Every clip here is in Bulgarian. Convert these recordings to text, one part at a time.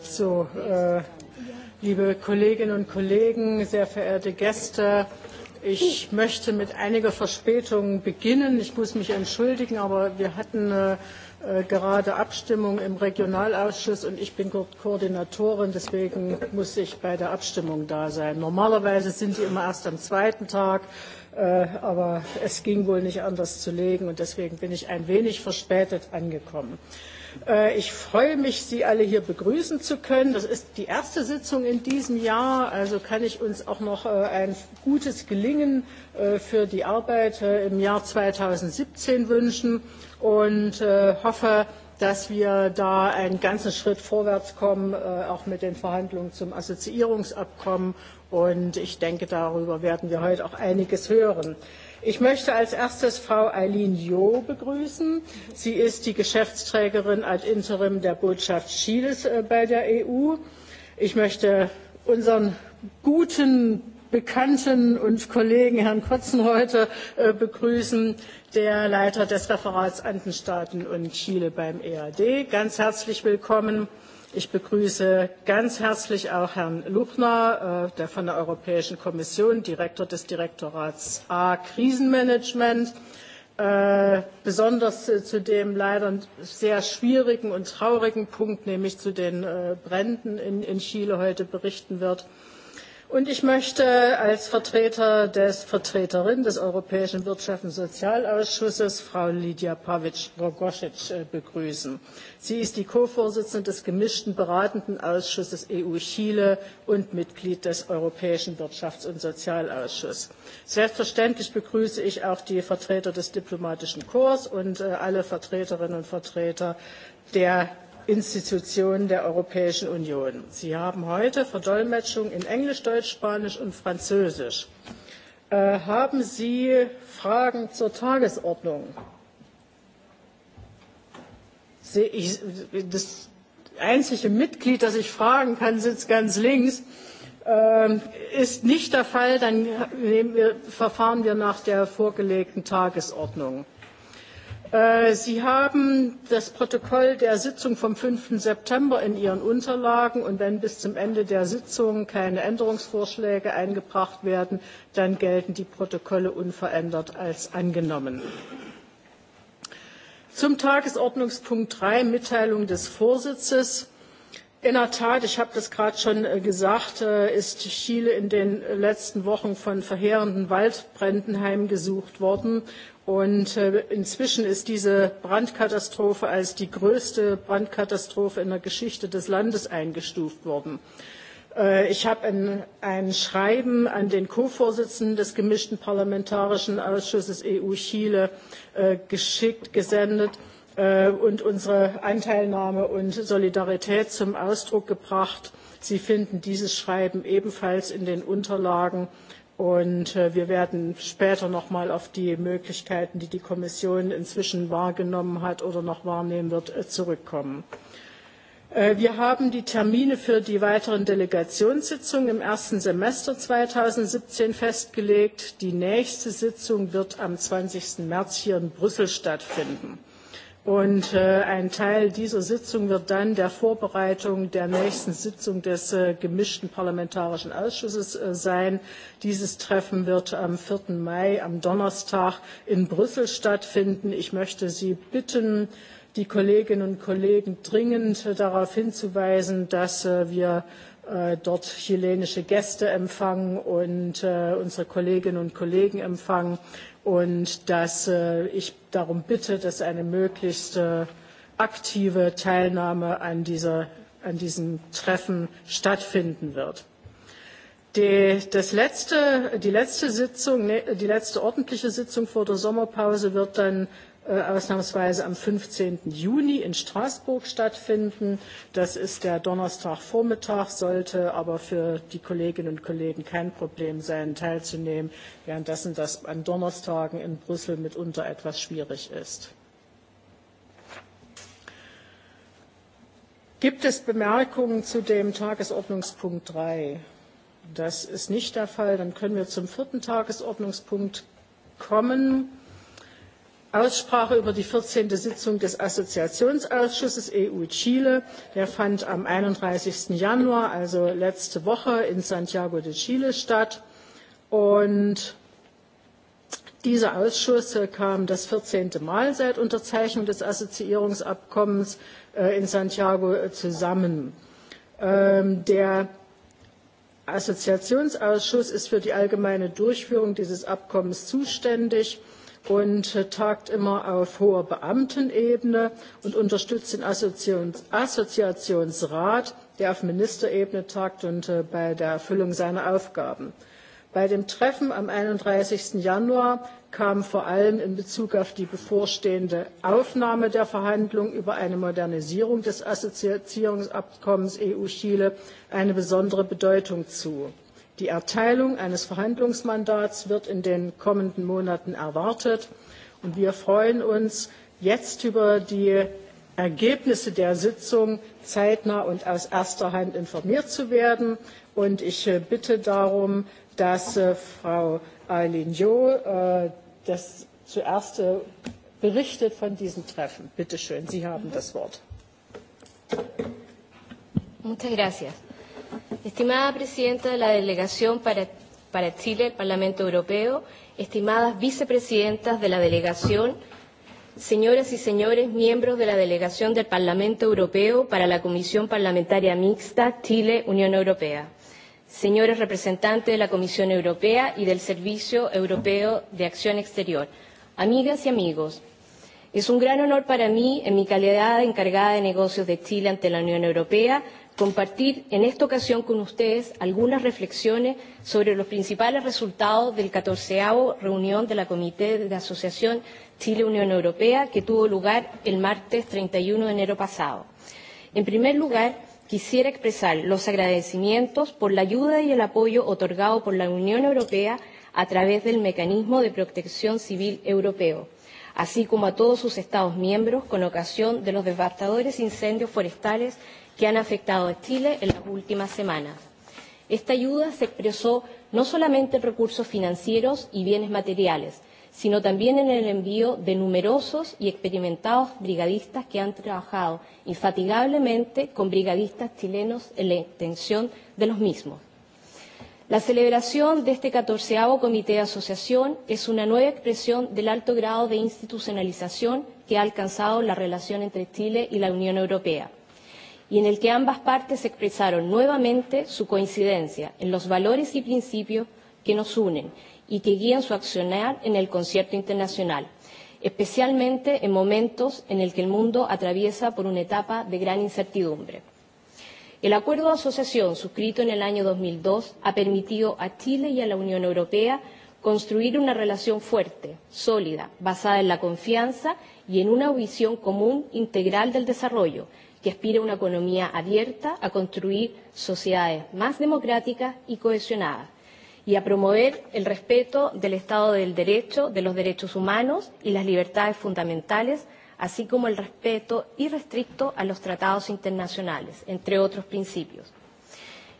So, äh, liebe Kolleginnen und Kollegen, sehr verehrte Gäste, ich möchte mit einiger Verspätung beginnen. Ich muss mich entschuldigen, aber wir hatten äh, gerade Abstimmung im Regionalausschuss und ich bin Koordinatorin, deswegen muss ich bei der Abstimmung da sein. Normalerweise sind sie immer erst am zweiten Tag, aber es ging wohl nicht anders zu legen und deswegen bin ich ein wenig verspätet angekommen. Ich freue mich, Sie alle hier begrüßen zu können. Das ist die erste Sitzung in diesem Jahr, also kann ich uns auch noch ein gutes Gelingen für die Arbeit im Jahr 2017 wünschen und hoffe, dass wir da einen ganzen Schritt vorwärts kommen, auch mit den Verhandlungen zum Assoziierungsabkommen. Und ich denke, darüber werden wir heute auch einiges hören. Ich möchte als erstes Frau Eileen Jo begrüßen. Sie ist die Geschäftsträgerin ad interim der Botschaft Chiles bei der EU. Ich möchte unseren guten Bekannten und Kollegen Herrn Kotzen heute begrüßen, der Leiter des Referats Andenstaaten und Chile beim EAD. Ganz herzlich willkommen. Ich begrüße ganz herzlich auch Herrn Luchner, der von der Europäischen Kommission, Direktor des Direktorats A Krisenmanagement, besonders zu dem leider sehr schwierigen und traurigen Punkt, nämlich zu den Bränden in Chile heute berichten wird. Und ich möchte als Vertreter des Vertreterin des Europäischen Wirtschafts- und Sozialausschusses, Frau Lidia Pavic-Rogosic, begrüßen. Sie ist die Co-Vorsitzende des gemischten beratenden Ausschusses EU-Chile und Mitglied des Europäischen Wirtschafts- und Sozialausschusses. Selbstverständlich begrüße ich auch die Vertreter des diplomatischen Korps und alle Vertreterinnen und Vertreter der Institutionen der Europäischen Union. Sie haben heute Verdolmetschung in Englisch, Deutsch, Spanisch und Französisch. haben Sie Fragen zur Tagesordnung? das einzige Mitglied, das ich fragen kann, sitzt ganz links. ist nicht der Fall, dann verfahren wir nach der vorgelegten Tagesordnung. Sie haben das Protokoll der Sitzung vom 5. September in Ihren Unterlagen und wenn bis zum Ende der Sitzung keine Änderungsvorschläge eingebracht werden, dann gelten die Protokolle unverändert als angenommen. Zum Tagesordnungspunkt 3, Mitteilung des Vorsitzes. In der Tat, ich habe das gerade schon gesagt, ist Chile in den letzten Wochen von verheerenden Waldbränden heimgesucht worden. Und inzwischen ist diese Brandkatastrophe als die größte Brandkatastrophe in der Geschichte des Landes eingestuft worden. Ich habe ein Schreiben an den Co-Vorsitzenden des gemischten Parlamentarischen Ausschusses EU-Chile geschickt, gesendet und unsere Anteilnahme und Solidarität zum Ausdruck gebracht. Sie finden dieses Schreiben ebenfalls in den Unterlagen Und wir werden später noch mal auf die Möglichkeiten, die die Kommission inzwischen wahrgenommen hat oder noch wahrnehmen wird, zurückkommen. Wir haben die Termine für die weiteren Delegationssitzungen im ersten Semester 2017 festgelegt. Die nächste Sitzung wird am 20. März hier in Brüssel stattfinden. Und ein Teil dieser Sitzung wird dann der Vorbereitung der nächsten Sitzung des gemischten parlamentarischen Ausschusses sein. Dieses Treffen wird am 4. Mai, am Donnerstag in Brüssel stattfinden. Ich möchte Sie bitten, die Kolleginnen und Kollegen dringend darauf hinzuweisen, dass wir dort chilenische Gäste empfangen und unsere Kolleginnen und Kollegen empfangen und dass ich darum bitte, dass eine möglichst aktive Teilnahme an, diesem Treffen stattfinden wird. Die, letzte, ordentliche Sitzung vor der Sommerpause wird dann ausnahmsweise am 15. Juni in Straßburg stattfinden. Das ist der Donnerstagvormittag, sollte aber für die Kolleginnen und Kollegen kein Problem sein, teilzunehmen, währenddessen das an Donnerstagen in Brüssel mitunter etwas schwierig ist. Gibt es Bemerkungen zu dem Tagesordnungspunkt 3? Das ist nicht der Fall. Dann können wir zum vierten Tagesordnungspunkt kommen. Aussprache über die 14. Sitzung des Assoziationsausschusses EU-Chile. Der fand am 31. Januar, also letzte Woche, in Santiago de Chile statt. Und dieser Ausschuss kam das 14. Mal seit Unterzeichnung des Assoziierungsabkommens in Santiago zusammen. Der Assoziationsausschuss ist für die allgemeine Durchführung dieses Abkommens zuständig und tagt immer auf hoher Beamtenebene und unterstützt den Assoziationsrat, der auf Ministerebene tagt und bei der Erfüllung seiner Aufgaben. Bei dem Treffen am 31. Januar kam vor allem in Bezug auf die bevorstehende Aufnahme der Verhandlungen über eine Modernisierung des Assoziierungsabkommens EU-Chile eine besondere Bedeutung zu. Die Erteilung eines Verhandlungsmandats wird in den kommenden Monaten erwartet. Und wir freuen uns jetzt über die Ergebnisse der Sitzung zeitnah und aus erster Hand informiert zu werden. Und ich bitte darum, dass Frau Eileen Jo das zuerst berichtet von diesem Treffen. Bitte schön, Sie haben das Wort. Muchas gracias. Estimada presidenta de la Delegación para, para Chile del Parlamento Europeo, estimadas vicepresidentas de la Delegación, señoras y señores miembros de la Delegación del Parlamento Europeo para la Comisión Parlamentaria Mixta Chile-Unión Europea, señores representantes de la Comisión Europea y del Servicio Europeo de Acción Exterior, amigas y amigos, es un gran honor para mí, en mi calidad de encargada de negocios de Chile ante la Unión Europea, compartir en esta ocasión con ustedes algunas reflexiones sobre los principales resultados del catorce reunión de la Comité de Asociación Chile-Unión Europea que tuvo lugar el martes 31 de enero pasado. En primer lugar, quisiera expresar los agradecimientos por la ayuda y el apoyo otorgado por la Unión Europea a través del Mecanismo de Protección Civil Europeo, así como a todos sus Estados miembros con ocasión de los devastadores incendios forestales que han afectado a Chile en las últimas semanas. Esta ayuda se expresó no solamente en recursos financieros y bienes materiales, sino también en el envío de numerosos y experimentados brigadistas que han trabajado infatigablemente con brigadistas chilenos en la extensión de los mismos. La celebración de este catorceavo Comité de Asociación es una nueva expresión del alto grado de institucionalización que ha alcanzado la relación entre Chile y la Unión Europea y en el que ambas partes expresaron nuevamente su coincidencia en los valores y principios que nos unen y que guían su accionar en el concierto internacional, especialmente en momentos en el que el mundo atraviesa por una etapa de gran incertidumbre. El acuerdo de asociación suscrito en el año 2002 ha permitido a Chile y a la Unión Europea construir una relación fuerte, sólida, basada en la confianza y en una visión común integral del desarrollo, que aspira a una economía abierta, a construir sociedades más democráticas y cohesionadas y a promover el respeto del Estado del Derecho, de los derechos humanos y las libertades fundamentales, así como el respeto irrestricto a los tratados internacionales, entre otros principios.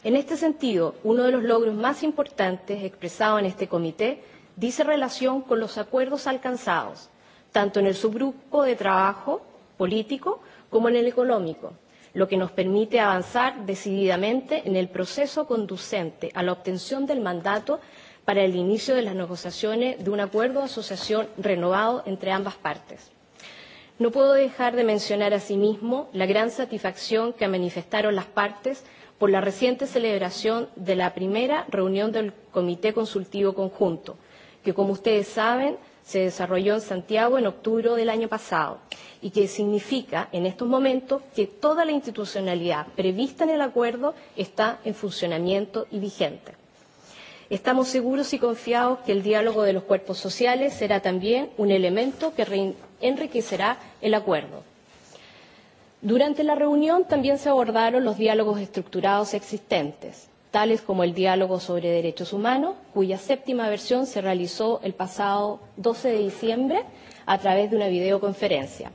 En este sentido, uno de los logros más importantes expresados en este comité dice relación con los acuerdos alcanzados, tanto en el subgrupo de trabajo político como en el económico, lo que nos permite avanzar decididamente en el proceso conducente a la obtención del mandato para el inicio de las negociaciones de un acuerdo de asociación renovado entre ambas partes. No puedo dejar de mencionar asimismo la gran satisfacción que manifestaron las partes por la reciente celebración de la primera reunión del Comité Consultivo Conjunto, que como ustedes saben se desarrolló en Santiago en octubre del año pasado y que significa en estos momentos que toda la institucionalidad prevista en el acuerdo está en funcionamiento y vigente. Estamos seguros y confiados que el diálogo de los cuerpos sociales será también un elemento que enriquecerá el acuerdo. Durante la reunión también se abordaron los diálogos estructurados existentes tales como el diálogo sobre derechos humanos, cuya séptima versión se realizó el pasado 12 de diciembre a través de una videoconferencia.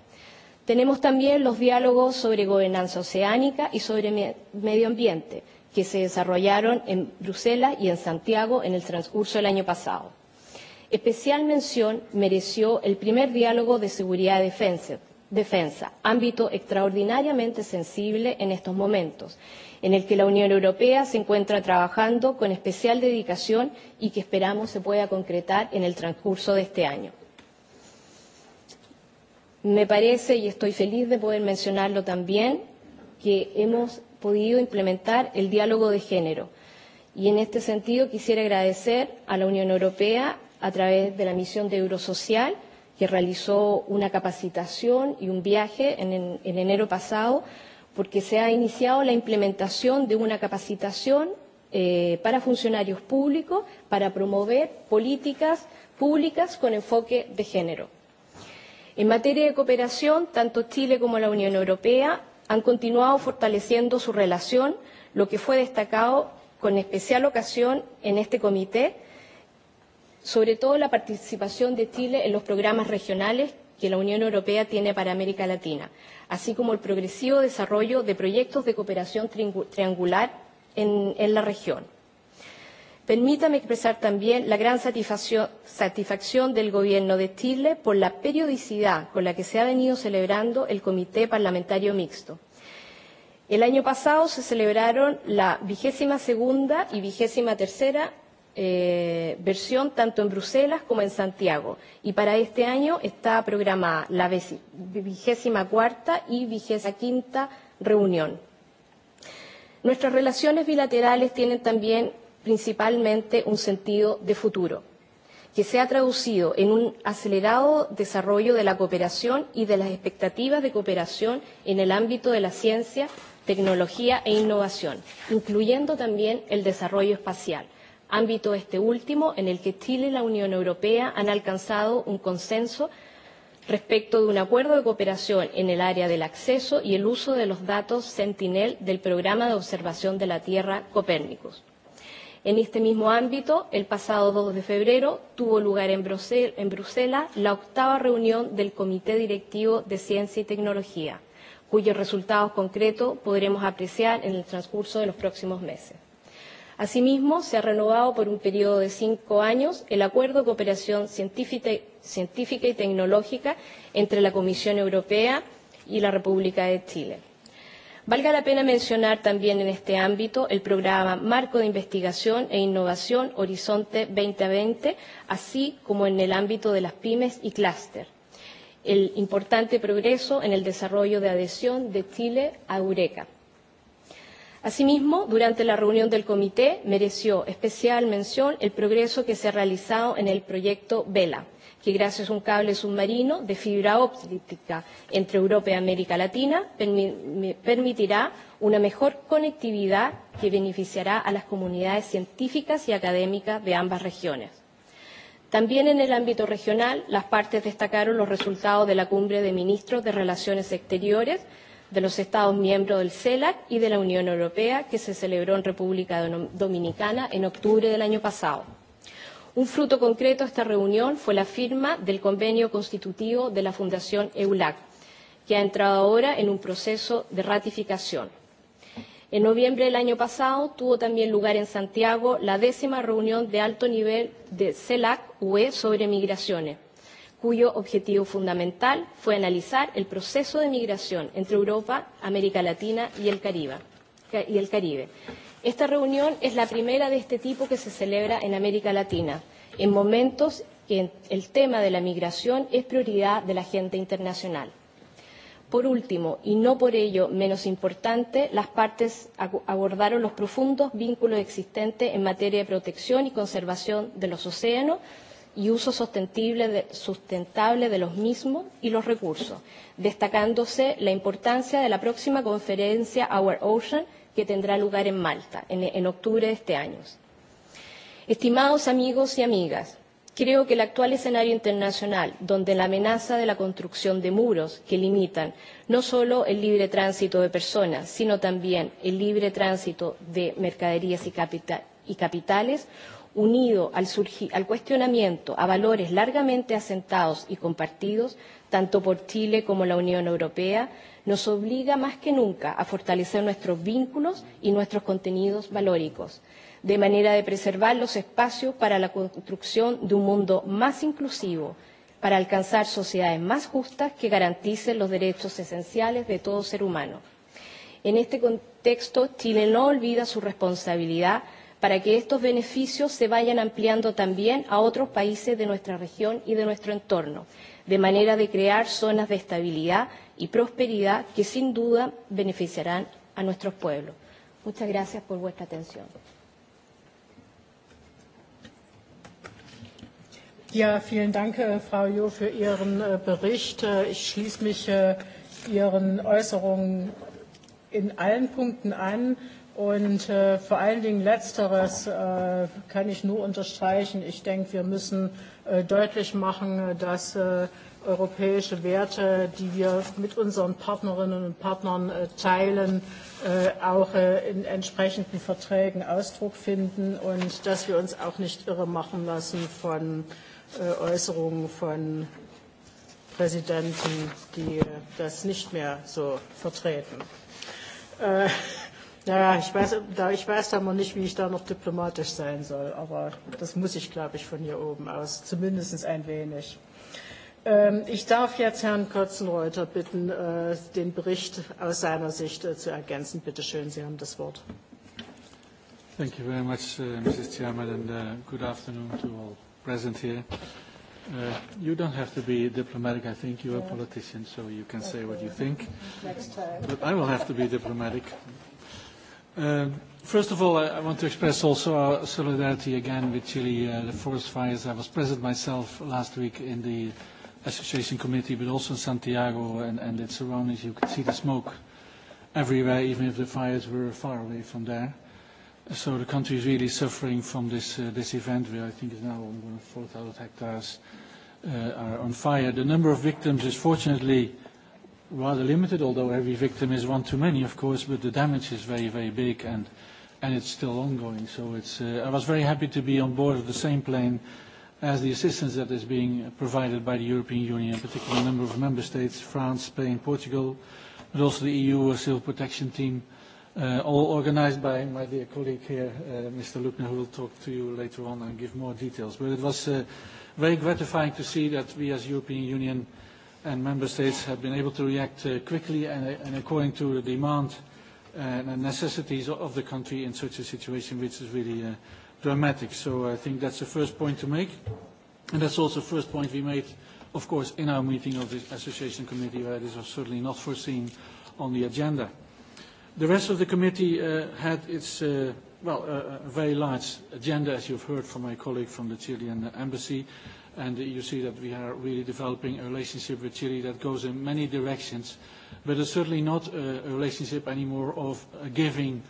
Tenemos también los diálogos sobre gobernanza oceánica y sobre medio ambiente, que se desarrollaron en Bruselas y en Santiago en el transcurso del año pasado. Especial mención mereció el primer diálogo de seguridad y defensa, defensa, ámbito extraordinariamente sensible en estos momentos, en el que la Unión Europea se encuentra trabajando con especial dedicación y que esperamos se pueda concretar en el transcurso de este año. Me parece, y estoy feliz de poder mencionarlo también, que hemos podido implementar el diálogo de género. Y en este sentido quisiera agradecer a la Unión Europea, a través de la misión de Eurosocial, que realizó una capacitación y un viaje en, en, en enero pasado, porque se ha iniciado la implementación de una capacitación eh, para funcionarios públicos para promover políticas públicas con enfoque de género. En materia de cooperación, tanto Chile como la Unión Europea han continuado fortaleciendo su relación, lo que fue destacado con especial ocasión en este comité sobre todo la participación de Chile en los programas regionales que la Unión Europea tiene para América Latina, así como el progresivo desarrollo de proyectos de cooperación triangular en, en la región. Permítame expresar también la gran satisfacción del Gobierno de Chile por la periodicidad con la que se ha venido celebrando el Comité Parlamentario Mixto. El año pasado se celebraron la vigésima segunda y vigésima tercera eh, versión tanto en Bruselas como en Santiago. Y para este año está programada la vigésima cuarta y vigésima quinta reunión. Nuestras relaciones bilaterales tienen también principalmente un sentido de futuro, que se ha traducido en un acelerado desarrollo de la cooperación y de las expectativas de cooperación en el ámbito de la ciencia, tecnología e innovación, incluyendo también el desarrollo espacial ámbito este último en el que Chile y la Unión Europea han alcanzado un consenso respecto de un acuerdo de cooperación en el área del acceso y el uso de los datos Sentinel del Programa de Observación de la Tierra Copérnicus. En este mismo ámbito, el pasado 2 de febrero tuvo lugar en, Brusel en Bruselas la octava reunión del Comité Directivo de Ciencia y Tecnología, cuyos resultados concretos podremos apreciar en el transcurso de los próximos meses. Asimismo, se ha renovado por un periodo de cinco años el Acuerdo de Cooperación Científica y Tecnológica entre la Comisión Europea y la República de Chile. Valga la pena mencionar también en este ámbito el programa Marco de Investigación e Innovación Horizonte 2020, así como en el ámbito de las pymes y clúster, el importante progreso en el desarrollo de adhesión de Chile a Eureka. Asimismo, durante la reunión del comité mereció especial mención el progreso que se ha realizado en el proyecto VELA, que gracias a un cable submarino de fibra óptica entre Europa y América Latina permitirá una mejor conectividad que beneficiará a las comunidades científicas y académicas de ambas regiones. También en el ámbito regional, las partes destacaron los resultados de la cumbre de ministros de Relaciones Exteriores de los Estados miembros del CELAC y de la Unión Europea, que se celebró en República Dominicana en octubre del año pasado. Un fruto concreto de esta reunión fue la firma del convenio constitutivo de la Fundación EULAC, que ha entrado ahora en un proceso de ratificación. En noviembre del año pasado tuvo también lugar en Santiago la décima reunión de alto nivel de CELAC-UE sobre migraciones cuyo objetivo fundamental fue analizar el proceso de migración entre Europa, América Latina y el Caribe. Y el Caribe. Esta reunión es la primera de este tipo que se celebra en América Latina, en momentos que el tema de la migración es prioridad de la agenda internacional. Por último, y no por ello menos importante, las partes abordaron los profundos vínculos existentes en materia de protección y conservación de los océanos, y uso sostenible de, sustentable de los mismos y los recursos, destacándose la importancia de la próxima conferencia Our Ocean que tendrá lugar en Malta en, en octubre de este año. Estimados amigos y amigas, creo que el actual escenario internacional, donde la amenaza de la construcción de muros que limitan no solo el libre tránsito de personas, sino también el libre tránsito de mercaderías y, capitales, unido al, al cuestionamiento a valores largamente asentados y compartidos, tanto por Chile como la Unión Europea, nos obliga más que nunca a fortalecer nuestros vínculos y nuestros contenidos valóricos, de manera de preservar los espacios para la construcción de un mundo más inclusivo, para alcanzar sociedades más justas que garanticen los derechos esenciales de todo ser humano. En este contexto, Chile no olvida su responsabilidad para que estos beneficios se vayan ampliando también a otros países de nuestra región y de nuestro entorno, de manera de crear zonas de estabilidad y prosperidad que sin duda beneficiarán a nuestros pueblos. Muchas gracias por vuestra atención. Ja, vielen Dank, Frau Jo, für Ihren Bericht. Ich schließe mich Ihren Äußerungen in allen Punkten an. Und äh, vor allen Dingen letzteres äh, kann ich nur unterstreichen. Ich denke, wir müssen äh, deutlich machen, dass äh, europäische Werte, die wir mit unseren Partnerinnen und Partnern äh, teilen, äh, auch äh, in entsprechenden Verträgen Ausdruck finden und dass wir uns auch nicht irre machen lassen von äh, Äußerungen von Präsidenten, die das nicht mehr so vertreten. Äh, Ja, ich weiß, da, ich weiß da mal nicht, wie ich da noch diplomatisch sein soll, aber das muss ich, glaube ich, von hier oben aus, zumindest ein wenig. Ähm, ich darf jetzt Herrn Kotzenreuter bitten, äh, den Bericht aus seiner Sicht äh, zu ergänzen. Bitte schön, Sie haben das Wort. Thank you very much, uh, Mrs. Chairman, and uh, good afternoon to all present here. Uh, you don't have to be diplomatic. I think you're a politician, so you can say what you think. Next time. But I will have to be diplomatic First of all, I want to express also our solidarity again with Chile, uh, the forest fires. I was present myself last week in the association committee, but also in Santiago and, and its surroundings. You could see the smoke everywhere, even if the fires were far away from there. So the country is really suffering from this, uh, this event, where I think is now 4,000 hectares uh, are on fire. The number of victims is fortunately rather limited, although every victim is one too many, of course, but the damage is very, very big and, and it's still ongoing. So it's, uh, I was very happy to be on board of the same plane as the assistance that is being provided by the European Union, particularly a number of member states, France, Spain, Portugal, but also the EU Civil Protection Team, uh, all organized by my dear colleague here, uh, Mr. Lukner, who will talk to you later on and give more details. But it was uh, very gratifying to see that we as European Union uh, and member states have been able to react uh, quickly and, and according to the demand and necessities of the country in such a situation which is really uh, dramatic. So I think that's the first point to make. And that's also the first point we made, of course, in our meeting of the Association Committee, where this was certainly not foreseen on the agenda. The rest of the committee uh, had its, uh, well, uh, a very large agenda, as you've heard from my colleague from the Chilean embassy and you see that we are really developing a relationship with Chile that goes in many directions, but it's certainly not a relationship anymore of a giving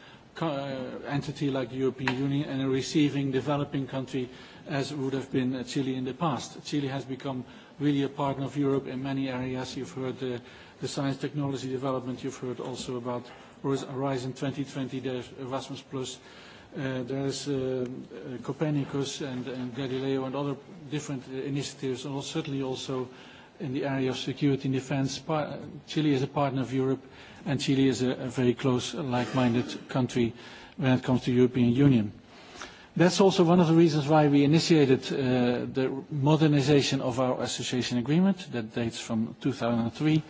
entity like the European Union and a receiving developing country as would have been Chile in the past. Chile has become really a partner of Europe in many areas. You've heard the, the science technology development, you've heard also about Horizon 2020, the Erasmus+, there's Copernicus and, and Galileo and other different initiatives, and certainly also in the area of security and defense. Chile is a partner of Europe, and Chile is a, a very close, like-minded country when it comes to the European Union. That's also one of the reasons why we initiated uh, the modernization of our association agreement that dates from 2003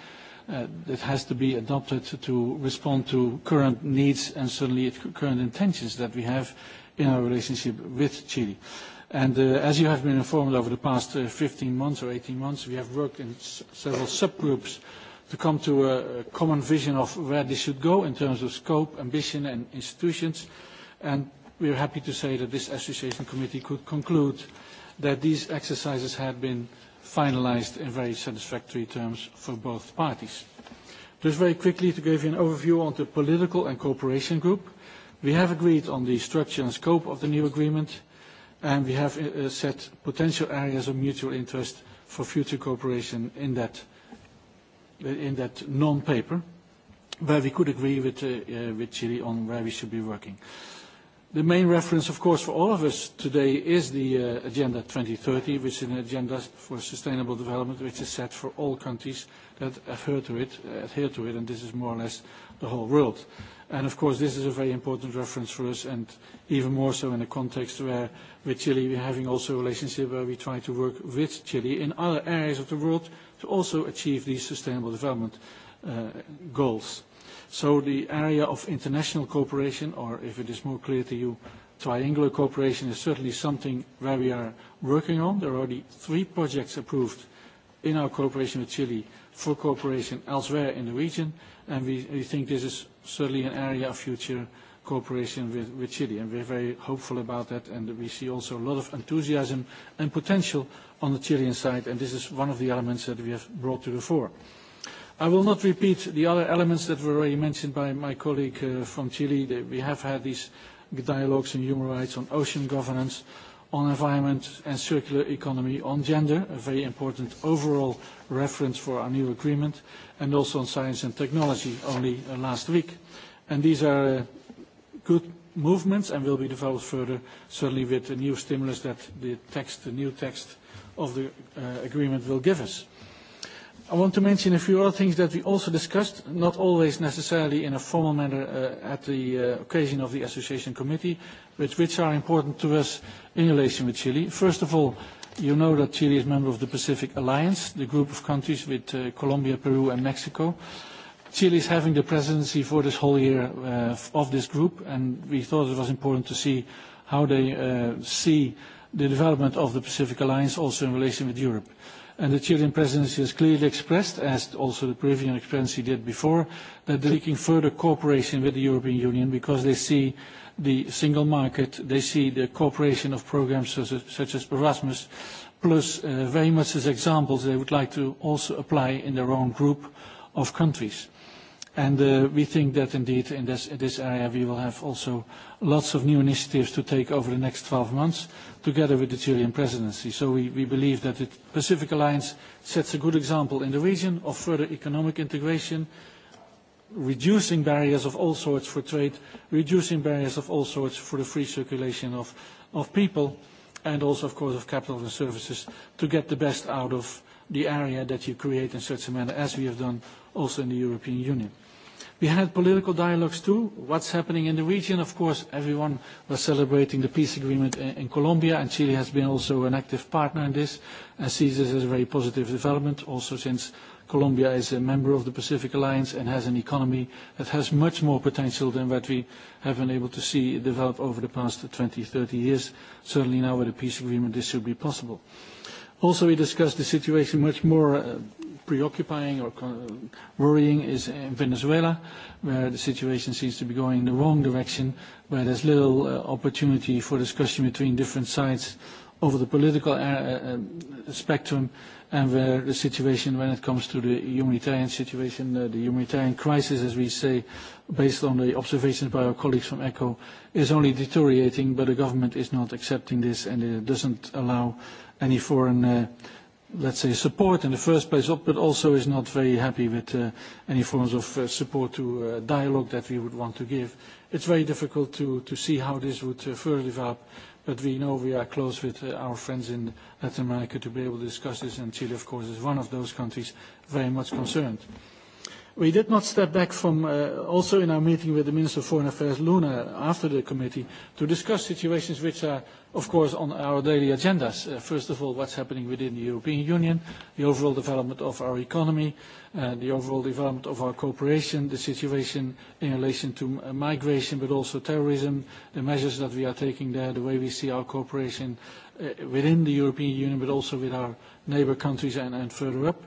that has to be adopted to respond to current needs and certainly current intentions that we have in our relationship with Chile. And As you have been informed over the past uh 15 months or 18 months, we have worked in several subgroups to come to a common vision of where this should go in terms of scope, ambition, and institutions. And We are happy to say that this association committee could conclude that these exercises had been finalized in very satisfactory terms for both parties. Just very quickly to give you an overview on the political and cooperation group. We have agreed on the structure and scope of the new agreement, and we have set potential areas of mutual interest for future cooperation in that non-paper, where we could agree with Chile on where we should be working. The main reference, of course, for all of us today is the uh, Agenda 2030, which is an agenda for sustainable development, which is set for all countries that adhere to it, adhere to it and this is more or less the whole world. And of course, this is a very important reference for us, and even more so in a context where with Chile we're having also a relationship where we try to work with Chile in other areas of the world to also achieve these sustainable development uh, goals. So the area of international cooperation, or if it is more clear to you, triangular cooperation is certainly something where we are working on. There are already three projects approved in our cooperation with Chile for cooperation elsewhere in the region, and we we think this is certainly an area of future cooperation with with Chile, and we're very hopeful about that, and we see also a lot of enthusiasm and potential on the Chilean side, and this is one of the elements that we have brought to the fore. I will not repeat the other elements that were already mentioned by my colleague uh, from Chile. We have had these dialogues on human rights, on ocean governance, on environment and circular economy, on gender, a very important overall reference for our new agreement, and also on science and technology only uh, last week. And these are uh, good movements and will be developed further, certainly with the new stimulus that the text, the new text of the uh, agreement will give us. I want to mention a few other things that we also discussed, not always necessarily in a formal manner at the occasion of the Association Committee, but which are important to us in relation with Chile. First of all, you know that Chile is a member of the Pacific Alliance, the group of countries with Colombia, Peru, and Mexico. Chile is having the presidency for this whole year of this group, and we thought it was important to see how they see the development of the Pacific Alliance also in relation with Europe the Chilean presidency has clearly expressed, as also the Peruvian presidency did before, that they're seeking further cooperation with the European Union because they see the single market, they see the cooperation of programs such as Erasmus, plus very much as examples they would like to also apply in their own group of countries. And we think that indeed in this, in this area we will have also lots of new initiatives to take over the next 12 months together with the Chilean presidency. So we, believe that the Pacific Alliance sets a good example in the region of further economic integration, reducing barriers of all sorts for trade, reducing barriers of all sorts for the free circulation of people, and also, of course, of capital and services to get the best out of the area that you create in such a manner, as we have done also in the European Union. We had political dialogues too. What's happening in the region? Of course, everyone was celebrating the peace agreement in, in Colombia, and Chile has been also an active partner in this and sees this as a very positive development, also since Colombia is a member of the Pacific Alliance and has an economy that has much more potential than what we have been able to see develop over the past 20, 30 years. Certainly now with a peace agreement, this should be possible. Also, we discussed the situation much more preoccupying or worrying is in Venezuela, where the situation seems to be going in the wrong direction, where there's little uh opportunity for discussion between different sides over the political uh spectrum, and where the situation when it comes to the humanitarian situation, uh the humanitarian crisis, as we say, based on the observations by our colleagues from ECHO, is only deteriorating, but the government is not accepting this, and it doesn't allow any foreign, uh, let's say, support in the first place, but also is not very happy with uh, any forms of uh, support to uh, dialogue that we would want to give. It's very difficult to, to see how this would uh, further develop, but we know we are close with uh, our friends in Latin America to be able to discuss this, and Chile, of course, is one of those countries very much concerned. Mm-hmm. We did not step back from also in our meeting with the Minister of Foreign Affairs, Luna, after the committee, to discuss situations which are, of course, on our daily agendas. First of all, what's happening within the European Union, the overall development of our economy, the overall development of our cooperation, the situation in relation to migration, but also terrorism, the measures that we are taking there, the way we see our cooperation within the European Union, but also with our neighbour countries and and further up.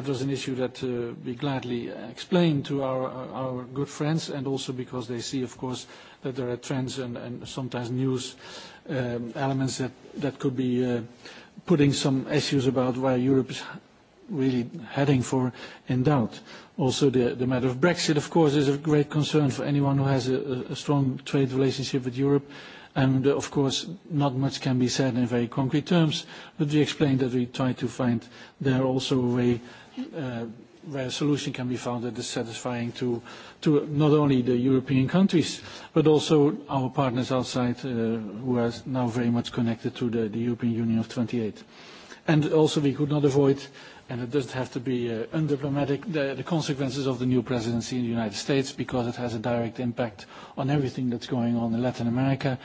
That was an issue that uh, we gladly explained to our, our good friends and also because they see, of course, that there are trends and, and sometimes news um, elements that, that could be uh, putting some issues about where Europe is really heading for in doubt. Also, the, the matter of Brexit, of course, is of great concern for anyone who has a, a strong trade relationship with Europe. And, of course, not much can be said in very concrete terms, but we explained that we try to find there also a way uh, where a solution can be found that is satisfying to, to not only the European countries, but also our partners outside uh, who are now very much connected to the, the European Union of 28. And also we could not avoid and it doesn't have to be uh, undiplomatic, the, the consequences of the new presidency in the United States because it has a direct impact on everything that's going on in Latin America,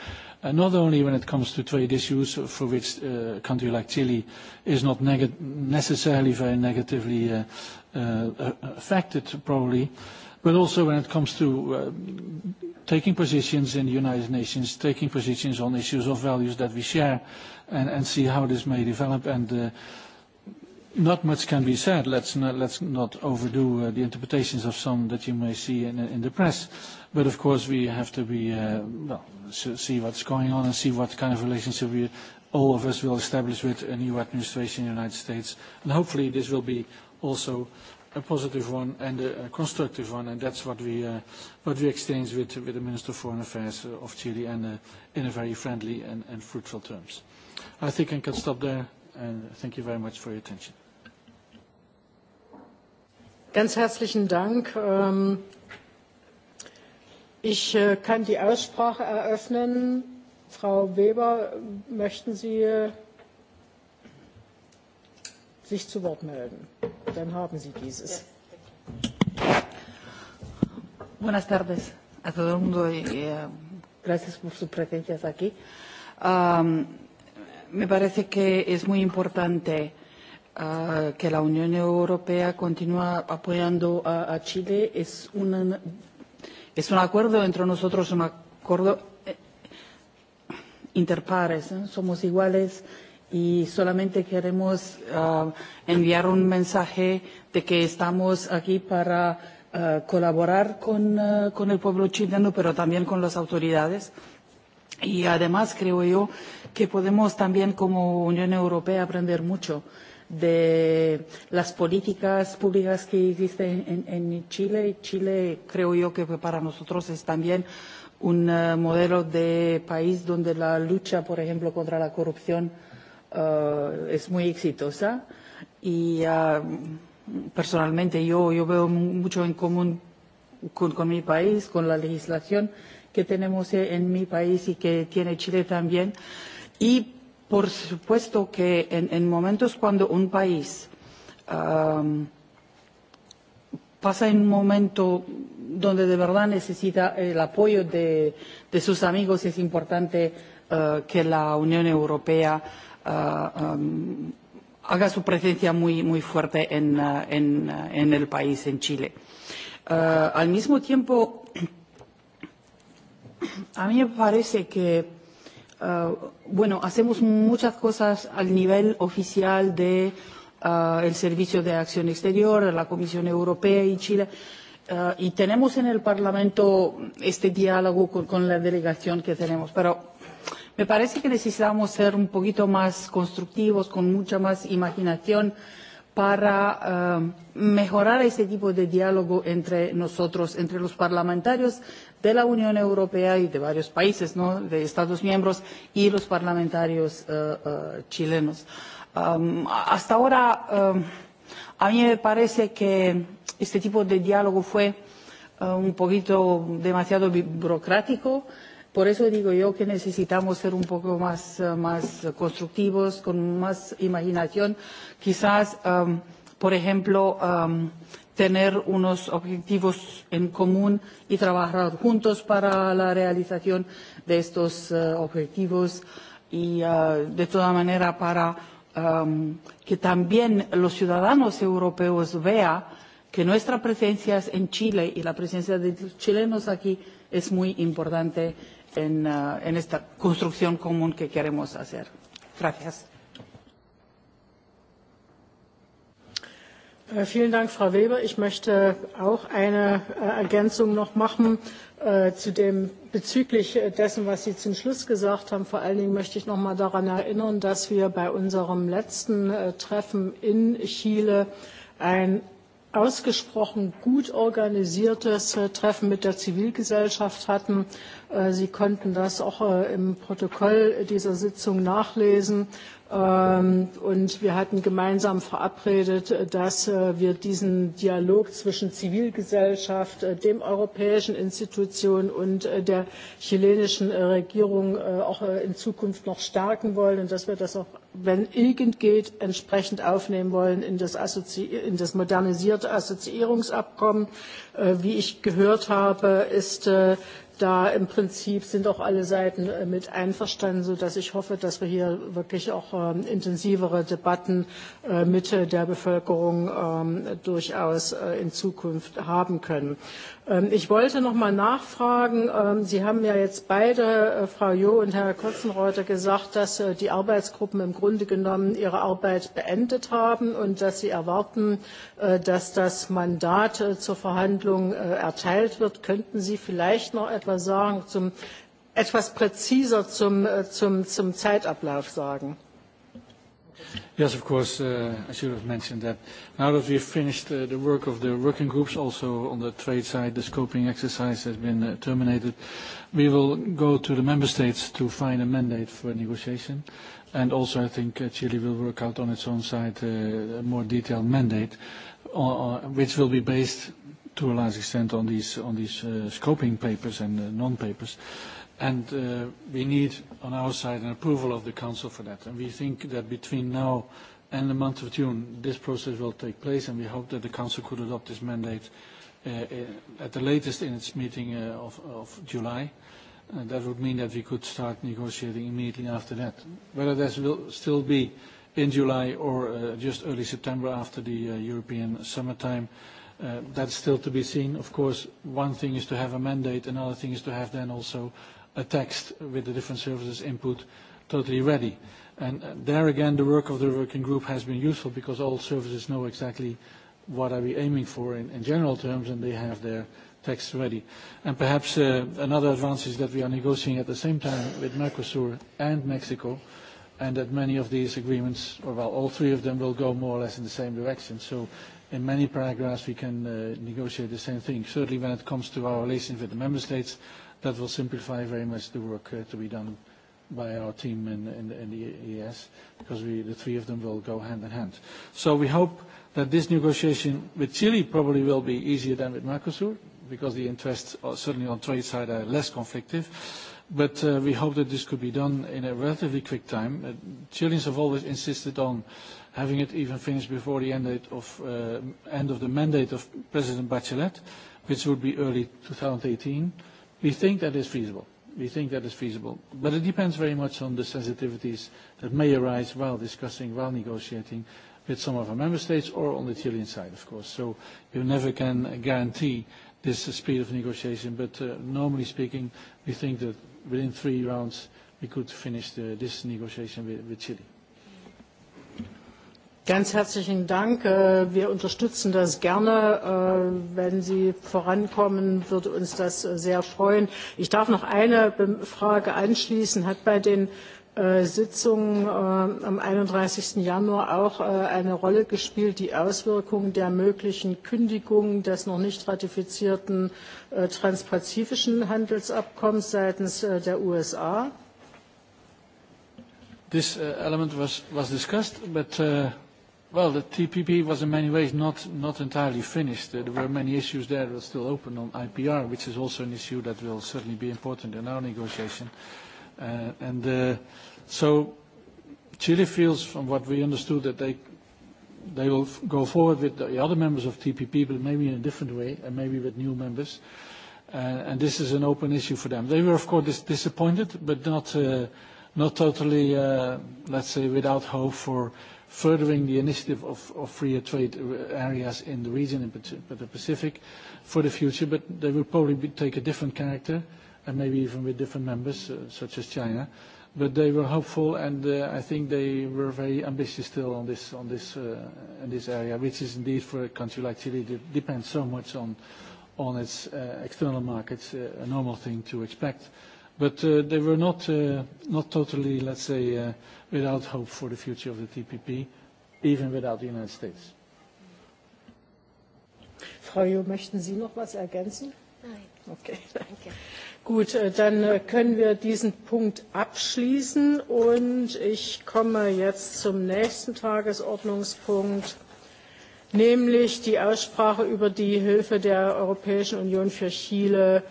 uh, not only when it comes to trade issues for which uh, a country like Chile is not neg necessarily very negatively uh, uh, affected probably, but also when it comes to uh, taking positions in the United Nations, taking positions on issues of values that we share and, and see how this may develop and uh, Not much can be said. Let's not, let's not overdo uh, the interpretations of some that you may see in, in the press. But of course, we have to be uh, well, see what's going on and see what kind of relationship we, all of us will establish with a new administration in the United States. And hopefully, this will be also a positive one and a constructive one, and that's what we uh, what we exchange with with the Minister of Foreign Affairs of Chile, and uh, in a very friendly and, and fruitful terms. I think I can stop there, and thank you very much for your attention. Ganz herzlichen Dank. Ich kann die Aussprache eröffnen. Frau Weber, möchten Sie sich zu Wort melden? Dann haben Sie dieses. Buenas tardes a todo el mundo y eh, gracias por sus presencias aquí. Um, me parece que es muy importante que la Unión Europea continúa apoyando a, Chile es un, es un acuerdo entre nosotros, un acuerdo interpares. Somos iguales y solamente queremos enviar un mensaje de que estamos aquí para colaborar con, el pueblo chileno, pero también con las autoridades. Y además creo yo que podemos también como Unión Europea aprender mucho uh, de las políticas públicas que existen en, en Chile. Chile creo yo que para nosotros es también un modelo de país donde la lucha, por ejemplo, contra la corrupción uh, es muy exitosa y uh, personalmente yo, yo veo mucho en común con, con mi país, con la legislación que tenemos en mi país y que tiene Chile también. Y Por supuesto que en, en momentos cuando un país um, pasa en un momento donde de verdad necesita el apoyo de, de sus amigos, es importante uh, que la Unión Europea uh, um, haga su presencia muy, muy fuerte en, uh, en, uh, en el país, en Chile. Uh, al mismo tiempo, a mí me parece que bueno, hacemos muchas cosas al nivel oficial de uh, Servicio de Acción Exterior, de la Comisión Europea y Chile. Uh, y tenemos en el Parlamento este diálogo con, con la delegación que tenemos, pero me parece que necesitamos ser un poquito más constructivos, con mucha más imaginación para uh, mejorar ese tipo de diálogo entre nosotros, entre los parlamentarios de la Unión Europea y de varios países, ¿no? de Estados miembros y los parlamentarios uh, uh, chilenos. Um, hasta ahora, um, a mí me parece que este tipo de diálogo fue uh, un poquito demasiado burocrático. Por eso digo yo que necesitamos ser un poco más, más constructivos, con más imaginación. Quizás, um, por ejemplo, um, tener unos objetivos en común y trabajar juntos para la realización de estos objetivos y de toda manera para que también los ciudadanos europeos vean que nuestra presencia en Chile y la presencia de los chilenos aquí es muy importante en, esta construcción común que queremos hacer. Gracias. Vielen Dank, Frau Weber. Ich möchte auch eine Ergänzung noch machen zu dem bezüglich dessen, was Sie zum Schluss gesagt haben. Vor allen Dingen möchte ich noch mal daran erinnern, dass wir bei unserem letzten Treffen in Chile ein ausgesprochen gut organisiertes Treffen mit der Zivilgesellschaft hatten. Sie konnten das auch im Protokoll dieser Sitzung nachlesen. Und wir hatten gemeinsam verabredet, dass wir diesen Dialog zwischen Zivilgesellschaft, dem europäischen Institution und der chilenischen Regierung auch in Zukunft noch stärken wollen und dass wir das auch, wenn irgend geht, entsprechend aufnehmen wollen in das, in das modernisierte Assoziierungsabkommen. Wie ich gehört habe, ist da im Prinzip sind auch alle Seiten mit einverstanden, sodass ich hoffe, dass wir hier wirklich auch intensivere Debatten mit der Bevölkerung durchaus in Zukunft haben können. Ich wollte noch mal nachfragen. Sie haben ja jetzt beide, Frau Jo und Herr Kotzenreuter, gesagt, dass die Arbeitsgruppen im Grunde genommen ihre Arbeit beendet haben und dass Sie erwarten, dass das Mandat zur Verhandlung erteilt wird. Könnten Sie vielleicht noch etwas etwas sagen, zum, etwas präziser zum, zum, zum Zeitablauf sagen? Yes, of course. I should have mentioned that. Now that we have finished the work of the working groups, also on the trade side, the scoping exercise has been terminated. We will go to the member states to find a mandate for negotiation. and Also, I think Chile will work out on its own side a more detailed mandate, which will be based to a large extent on these on these uh, scoping papers and uh, non-papers. And uh, we need, on our side, an approval of the Council for that. And we think that between now and the month of June, this process will take place, and we hope that the Council could adopt this mandate uh, at the latest in its meeting uh, of, of July. And that would mean that we could start negotiating immediately after that. Whether that will still be in July or uh, just early September after the uh, European summertime, uh, That's still to be seen. Of course, one thing is to have a mandate, another thing is to have then also a text with the different services input totally ready. There again, the work of the working group has been useful because all services know exactly what are we aiming for in general terms, and they have their text ready. Perhaps another advance is that we are negotiating at the same time with Mercosur and Mexico and that many of these agreements, or well, all three of them will go more or less in the same direction. So in many paragraphs we can uh, negotiate the same thing. Certainly when it comes to our relations with the member states, that will simplify very much the work uh, to be done by our team in, in, in the EES, because we, the three of them will go hand in hand. So we hope that this negotiation with Chile probably will be easier than with Mercosur, because the interests, certainly on trade side, are less conflictive but uh, we hope that this could be done in a relatively quick time. Uh, Chileans have always insisted on having it even finished before the end of, uh, end of the mandate of President Bachelet, which would be early 2018. We think that is feasible. We think that is feasible. But it depends very much on the sensitivities that may arise while discussing, while negotiating with some of our member states or on the Chilean side, of course. So you never can guarantee this speed of negotiation, but uh, normally speaking, we think that within three rounds, we could finish this negotiation with, Chile. Ganz herzlichen Dank. Wir unterstützen das gerne. Wenn Sie vorankommen, würde uns das sehr freuen. Ich darf noch eine Frage anschließen. Hat bei den Sitzung am 31. Januar auch eine Rolle gespielt, die Auswirkungen der möglichen Kündigung des noch nicht ratifizierten transpazifischen Handelsabkommens seitens der USA? This element was, was discussed, but uh, well, the TPP was in many ways not, not entirely finished. there were many issues there that are still open on IPR, which is also an issue that will certainly be important in our negotiation. Uh, and uh, So Chile feels, from what we understood, that they they will go forward with the other members of TPP, but maybe in a different way, and maybe with new members. And this is an open issue for them. They were, of course, disappointed, but not uh not totally, uh let's say, without hope for furthering the initiative of of freer trade areas in the region, in the Pacific, for the future. But they will probably be take a different character and maybe even with different members, uh such as China But they were hopeful, and uh, I think they were very ambitious still on this on this uh, in this area, which is indeed for a country like Chile that depends so much on on its uh, external markets, uh, a normal thing to expect. But uh, they were not uh, not totally, let's say, uh, without hope for the future of the TPP, even without the United States. Frau möchten Sie noch was ergänzen? Nein. Okay. Danke. Gut, dann können wir diesen Punkt abschließen und ich komme jetzt zum nächsten Tagesordnungspunkt, nämlich die Aussprache über die Hilfe der Europäischen Union für Chile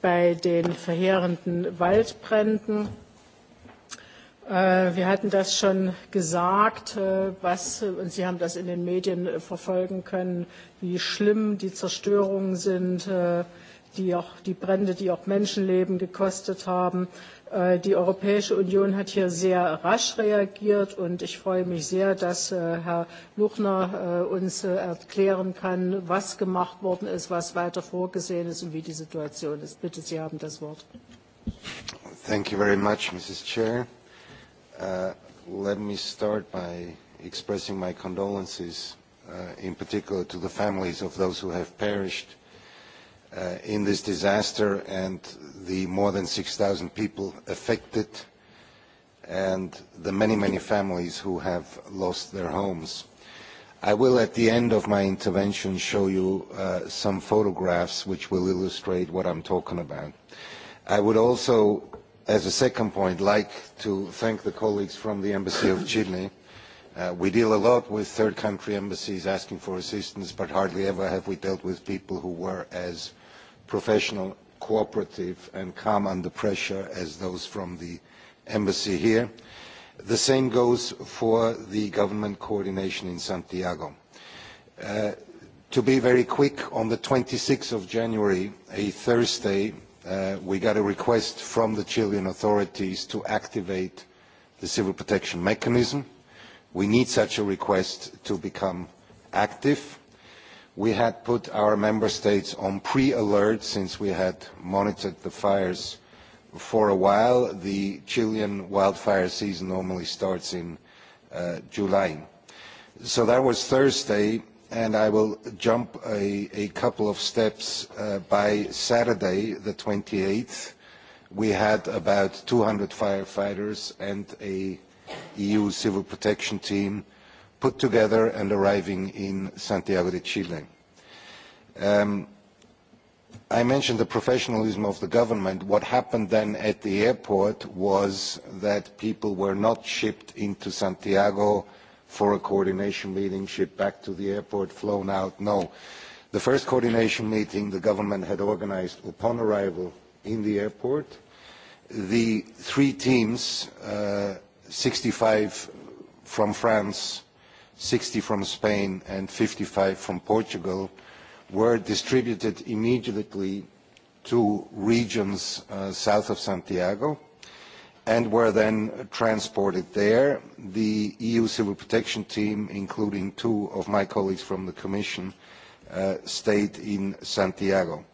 bei den verheerenden Waldbränden. Wir hatten das schon gesagt, was, und Sie haben das in den Medien verfolgen können, wie schlimm die Zerstörungen sind, die, auch, die Brände, die auch Menschenleben gekostet haben. Die Europäische Union hat hier sehr rasch reagiert und ich freue mich sehr, dass Herr Luchner uns erklären kann, was gemacht worden ist, was weiter vorgesehen ist und wie die Situation ist. Bitte, Sie haben das Wort. Thank you very much, Mrs. Chair. Uh, let me start by expressing my condolences, uh, in particular to the families of those who have perished in this disaster and the more than 6,000 people affected and the many, many families who have lost their homes. I will, at the end of my intervention, show you uh, some photographs which will illustrate what I'm talking about. I would also, as a second point, like to thank the colleagues from the Embassy of Chile. Uh, we deal a lot with third country embassies asking for assistance, but hardly ever have we dealt with people who were as professional, cooperative, and calm under pressure as those from the embassy here. The same goes for the government coordination in Santiago. to be very quick, on the 26th of January, a Thursday, we got a request from the Chilean authorities to activate the civil protection mechanism. We need such a request to become active We had put our member states on pre-alert since we had monitored the fires for a while. The Chilean wildfire season normally starts in July. So that was Thursday, and I will jump a couple of steps. By Saturday, the 28th, we had about 200 firefighters and a EU civil protection team put together and arriving in Santiago de Chile. Um, I mentioned the professionalism of the government. What happened then at the airport was that people were not shipped into Santiago for a coordination meeting, shipped back to the airport, flown out. No. The first coordination meeting the government had organized upon arrival in the airport. The three teams, uh, 65 from France, 60 from Spain and 55 from Portugal, were distributed immediately to regions south of Santiago and were then transported there. The EU Civil Protection Team, including two of my colleagues from the Commission, stayed in Santiago.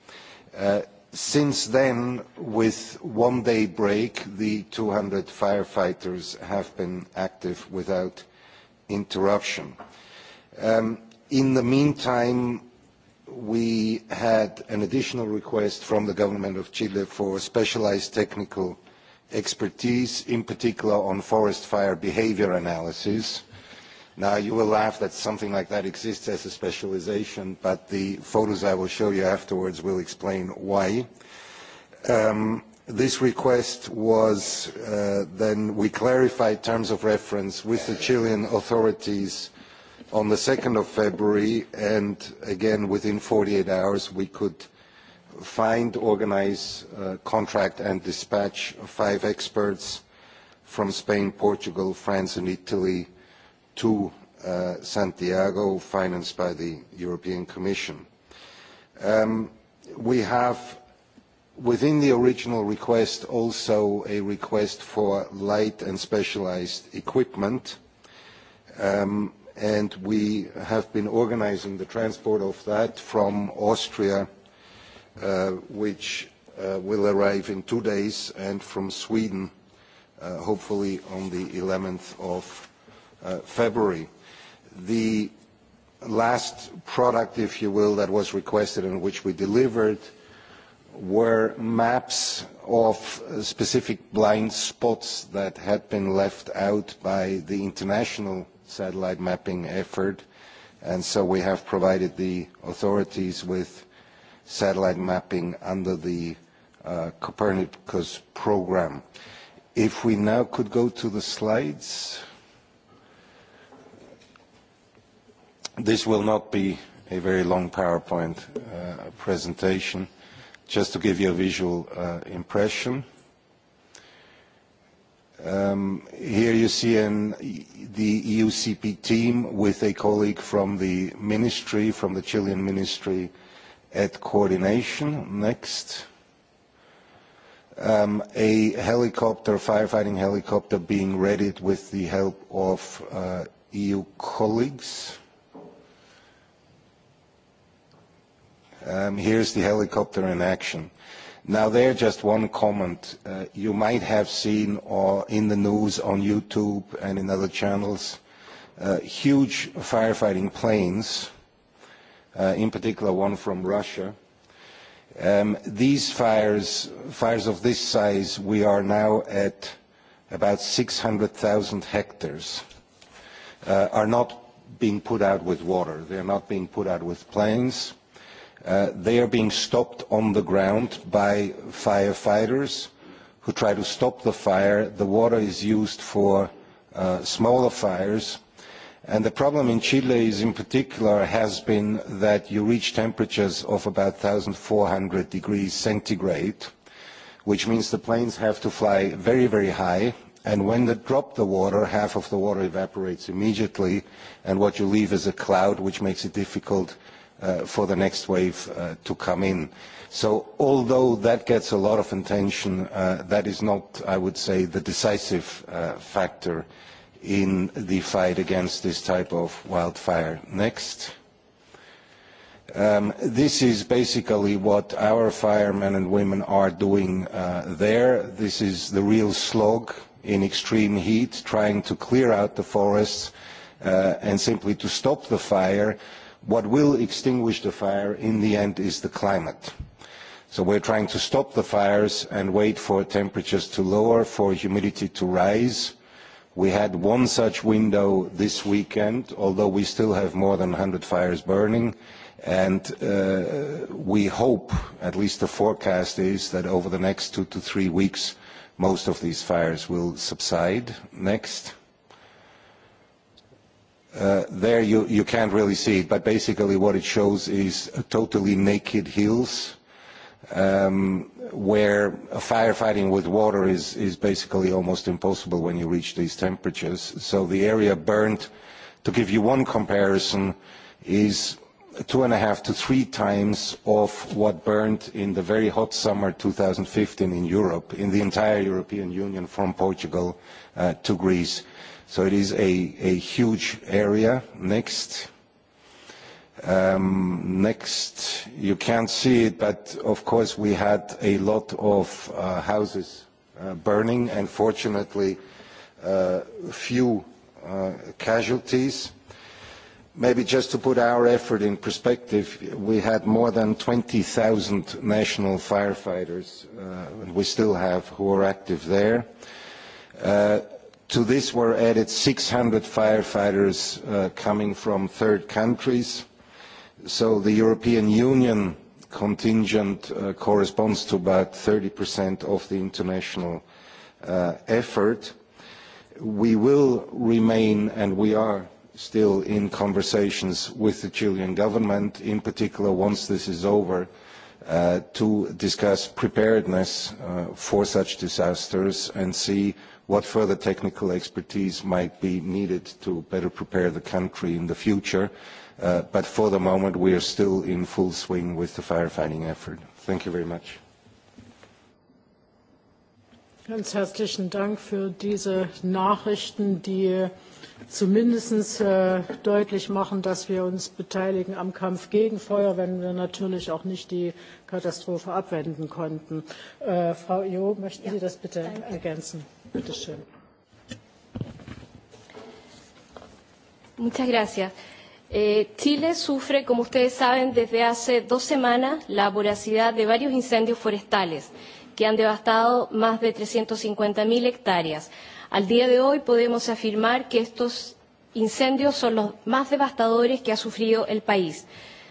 Since then, with one day break, the two hundred firefighters have been active without interruption. Um, in the meantime, we had an additional request from the government of Chile for specialized technical expertise, in particular on forest fire behavior analysis. Now, you will laugh that something like that exists as a specialization, but the photos I will show you afterwards will explain why. Um, This request was then we clarified terms of reference with the Chilean authorities on the 2nd of February, and again, within 48 hours, we could find, organize, contract, and dispatch five experts from Spain, Portugal, France, and Italy to Santiago, financed by the European Commission. We have Within the original request, also a request for light and specialized equipment. Um, and we have been organizing the transport of that from Austria, uh, which uh, will arrive in two days, and from Sweden, uh, hopefully on the 11th of uh, February. The last product, if you will, that was requested and which we delivered – were maps of specific blind spots that had been left out by the international satellite mapping effort. And so we have provided the authorities with satellite mapping under the uh, Copernicus program. If we now could go to the slides. This will not be a very long PowerPoint uh, presentation just to give you a visual uh, impression. Um, here you see an, the EUCP team with a colleague from the ministry, from the Chilean ministry at coordination. Next. Um, a helicopter, firefighting helicopter being readied with the help of uh, EU colleagues. Um, here's the helicopter in action. Now there, just one comment. Uh, you might have seen or in the news on YouTube and in other channels, uh, huge firefighting planes, uh, in particular one from Russia. Um, these fires, fires of this size, we are now at about 600,000 hectares, uh, are not being put out with water. They are not being put out with planes. Uh, they are being stopped on the ground by firefighters who try to stop the fire. The water is used for smaller fires. And the problem in Chile is in particular has been that you reach temperatures of about four hundred degrees centigrade, which means the planes have to fly very, very high. And when they drop the water, half of the water evaporates immediately, and what you leave is a cloud, which makes it difficult for the next wave to come in. So although that gets a lot of attention, that is not, I would say, the decisive factor in the fight against this type of wildfire. Next. This is basically what our firemen and women are doing there. This is the real slog in extreme heat, trying to clear out the forests and simply to stop the fire What will extinguish the fire in the end is the climate. So we're trying to stop the fires and wait for temperatures to lower, for humidity to rise. We had one such window this weekend, although we still have more than 100 fires burning. And we hope, at least the forecast is, that over the next two to three weeks, most of these fires will subside. Next there you, you can't really see it, but basically what it shows is totally naked hills um, where firefighting with water is, is basically almost impossible when you reach these temperatures. So the area burned, to give you one comparison, is two and a half to three times of what burned in the very hot summer 2015 in Europe, in the entire European Union from Portugal uh, to Greece So it is a, a huge area. Next. Um, next, you can't see it, but of course we had a lot of uh, houses uh, burning and fortunately uh, few uh, casualties. Maybe just to put our effort in perspective, we had more than 20,000 national firefighters, uh, and we still have, who are active there. Uh, To this were added 600 firefighters uh, coming from third countries. So the European Union contingent uh, corresponds to about 30% of the international uh, effort. We will remain, and we are still in conversations with the Chilean government, in particular once this is over, to discuss preparedness for such disasters and see what further technical expertise might be needed to better prepare the country in the future. But for the moment, we are still in full swing with the firefighting effort. Thank you very much. Ganz herzlichen Dank für diese Nachrichten, die zumindest äh, deutlich machen, dass wir uns beteiligen am Kampf gegen Feuer, wenn wir natürlich auch nicht die Katastrophe abwenden konnten. Äh, Frau Jo, möchten ja, Sie das bitte danke. ergänzen? Bitte schön. Muchas gracias. Eh, Chile sufre, como ustedes saben, desde hace dos semanas la voracidad de varios incendios forestales que han devastado más de 350.000 hectáreas. Al día de hoy podemos afirmar que estos incendios son los más devastadores que ha sufrido el país.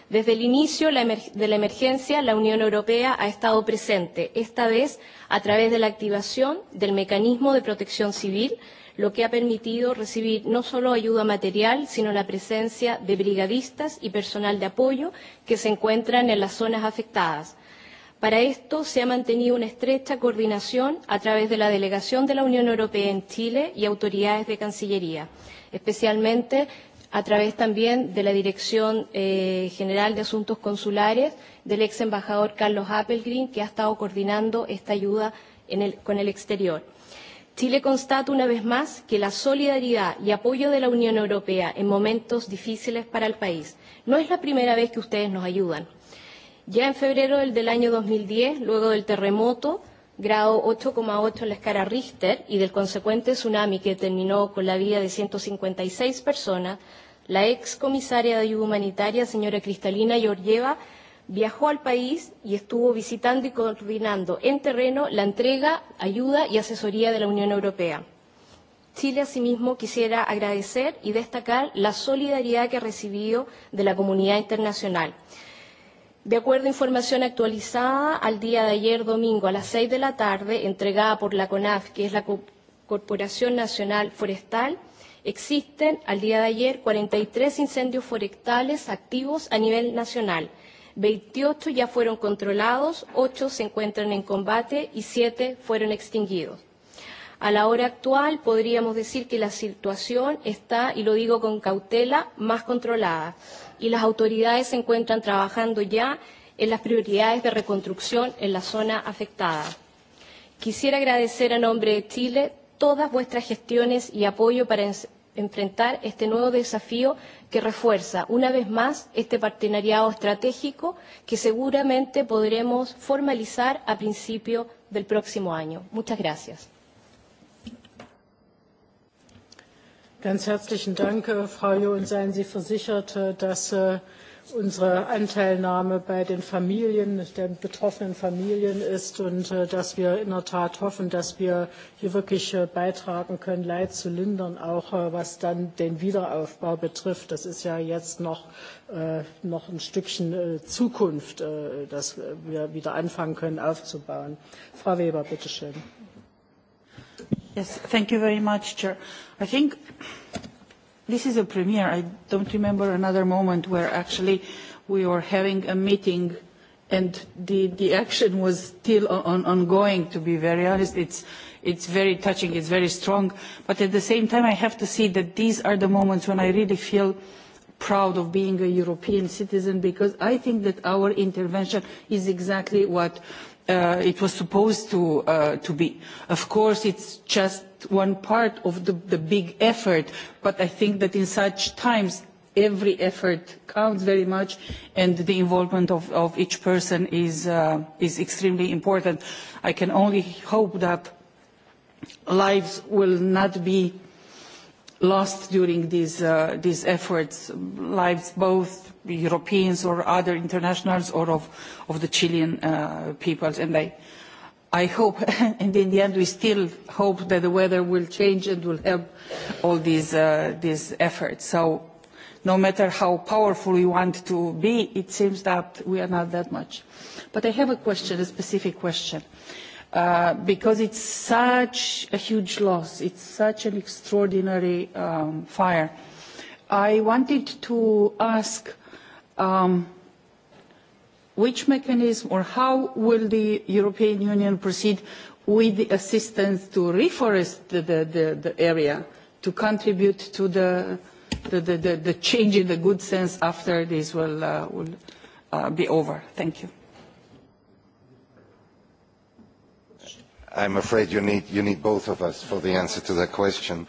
Desde el inicio de la emergencia, la Unión Europea ha estado presente, esta vez a través de la activación del mecanismo de protección civil, lo que ha permitido recibir no solo ayuda material, sino la presencia de brigadistas y personal de apoyo que se encuentran en las zonas afectadas. Para esto se ha mantenido una estrecha coordinación a través de la delegación de la Unión Europea en Chile y autoridades de Cancillería, especialmente a través también de la Dirección eh, General de Asuntos Consulares del ex embajador Carlos Appelgrin, que ha estado coordinando esta ayuda en el, con el exterior. Chile constata una vez más que la solidaridad y apoyo de la Unión Europea en momentos difíciles para el país. No es la primera vez que ustedes nos ayudan. Ya en febrero del, del año 2010, luego del terremoto, grado 8,8 en la escala Richter y del consecuente tsunami que terminó con la vida de 156 personas, La ex comisaria de ayuda humanitaria, señora Cristalina Georgieva, viajó al país y estuvo visitando y coordinando en terreno la entrega, ayuda y asesoría de la Unión Europea. Chile, asimismo, quisiera agradecer y destacar la solidaridad que ha recibido de la comunidad internacional. De acuerdo a información actualizada al día de ayer domingo a las seis de la tarde, entregada por la CONAF, que es la Corporación Nacional Forestal, Existen al día de ayer 43 incendios forestales activos a nivel nacional. 28 ya fueron controlados, 8 se encuentran en combate y 7 fueron extinguidos. A la hora actual podríamos decir que la situación está, y lo digo con cautela, más controlada y las autoridades se encuentran trabajando ya en las prioridades de reconstrucción en la zona afectada. Quisiera agradecer a nombre de Chile todas vuestras gestiones y apoyo para enfrentar este nuevo desafío que refuerza una vez más este partenariado estratégico que seguramente podremos formalizar a principio del próximo año. Muchas gracias. Ganz herzlichen Dank, Frau Seien Sie versichert, dass unsere Anteilnahme bei den Familien, den betroffenen Familien ist und dass wir in der Tat hoffen, dass wir hier wirklich beitragen können, Leid zu lindern, auch was dann den Wiederaufbau betrifft. Das ist ja jetzt noch, noch ein Stückchen Zukunft, dass wir wieder anfangen können aufzubauen. Frau Weber, bitteschön. Yes, thank you very much, Chair. I think This is a premiere. I don't remember another moment where actually we were having a meeting and the, the action was still on, ongoing, to be very honest. It's, it's very touching, it's very strong. But at the same time, I have to see that these are the moments when I really feel proud of being a European citizen because I think that our intervention is exactly what uh, it was supposed to, uh, to be. Of course, it's just one part of the, the big effort, but I think that in such times, every effort counts very much, and the involvement of, of each person is, uh, is extremely important. I can only hope that lives will not be lost during these, uh, these efforts, lives both Europeans or other internationals or of, of the Chilean uh, peoples. And I, I hope, and in the end we still hope that the weather will change and will help all these, uh, these efforts. So no matter how powerful we want to be, it seems that we are not that much. But I have a question, a specific question. Uh, uh, because it's such a huge loss. It's such an extraordinary um, fire. I wanted to ask um, which mechanism or how will the European Union proceed with the assistance to reforest the, the, the, the area to contribute to the, the, the, the, the change in the good sense after this will, uh, will uh, be over. Thank you. I'm afraid you need, you need both of us for the answer to that question.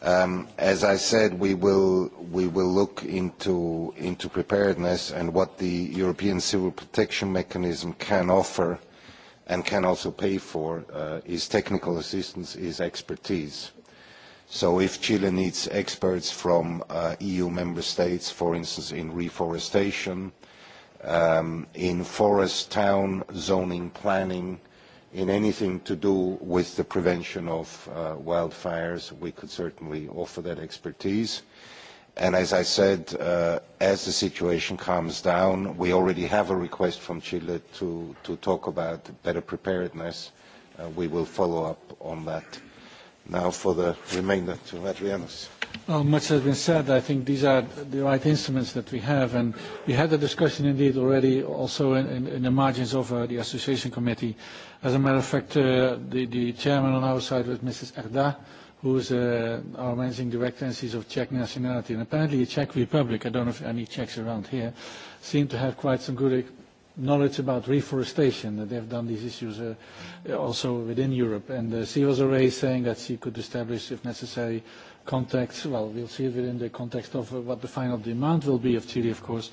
Um, as I said, we will, we will look into, into preparedness and what the European Civil Protection Mechanism can offer and can also pay for uh, is technical assistance, is expertise. So if Chile needs experts from uh, EU member states, for instance, in reforestation, um, in forest town zoning planning, in anything to do with the prevention of wildfires, we could certainly offer that expertise. And as I said, as the situation calms down, we already have a request from Chile to, talk about better preparedness. we will follow up on that. Now for the remainder to Adrianus. Well Much has been said. I think these are the right instruments that we have, and we had a discussion indeed already also in in in the margins of uh the association committee. As a matter of fact, uh the the chairman on our side was Mrs. Erda, who is uh our managing director, and she's of Czech nationality. And apparently, the Czech Republic, I don't know if any Czechs around here, seem to have quite some good knowledge about reforestation, that they've done these issues uh, also within Europe. And uh, she was already saying that she could establish, if necessary, context, well, we'll see it within the context of what the final demand will be of Chile, of course.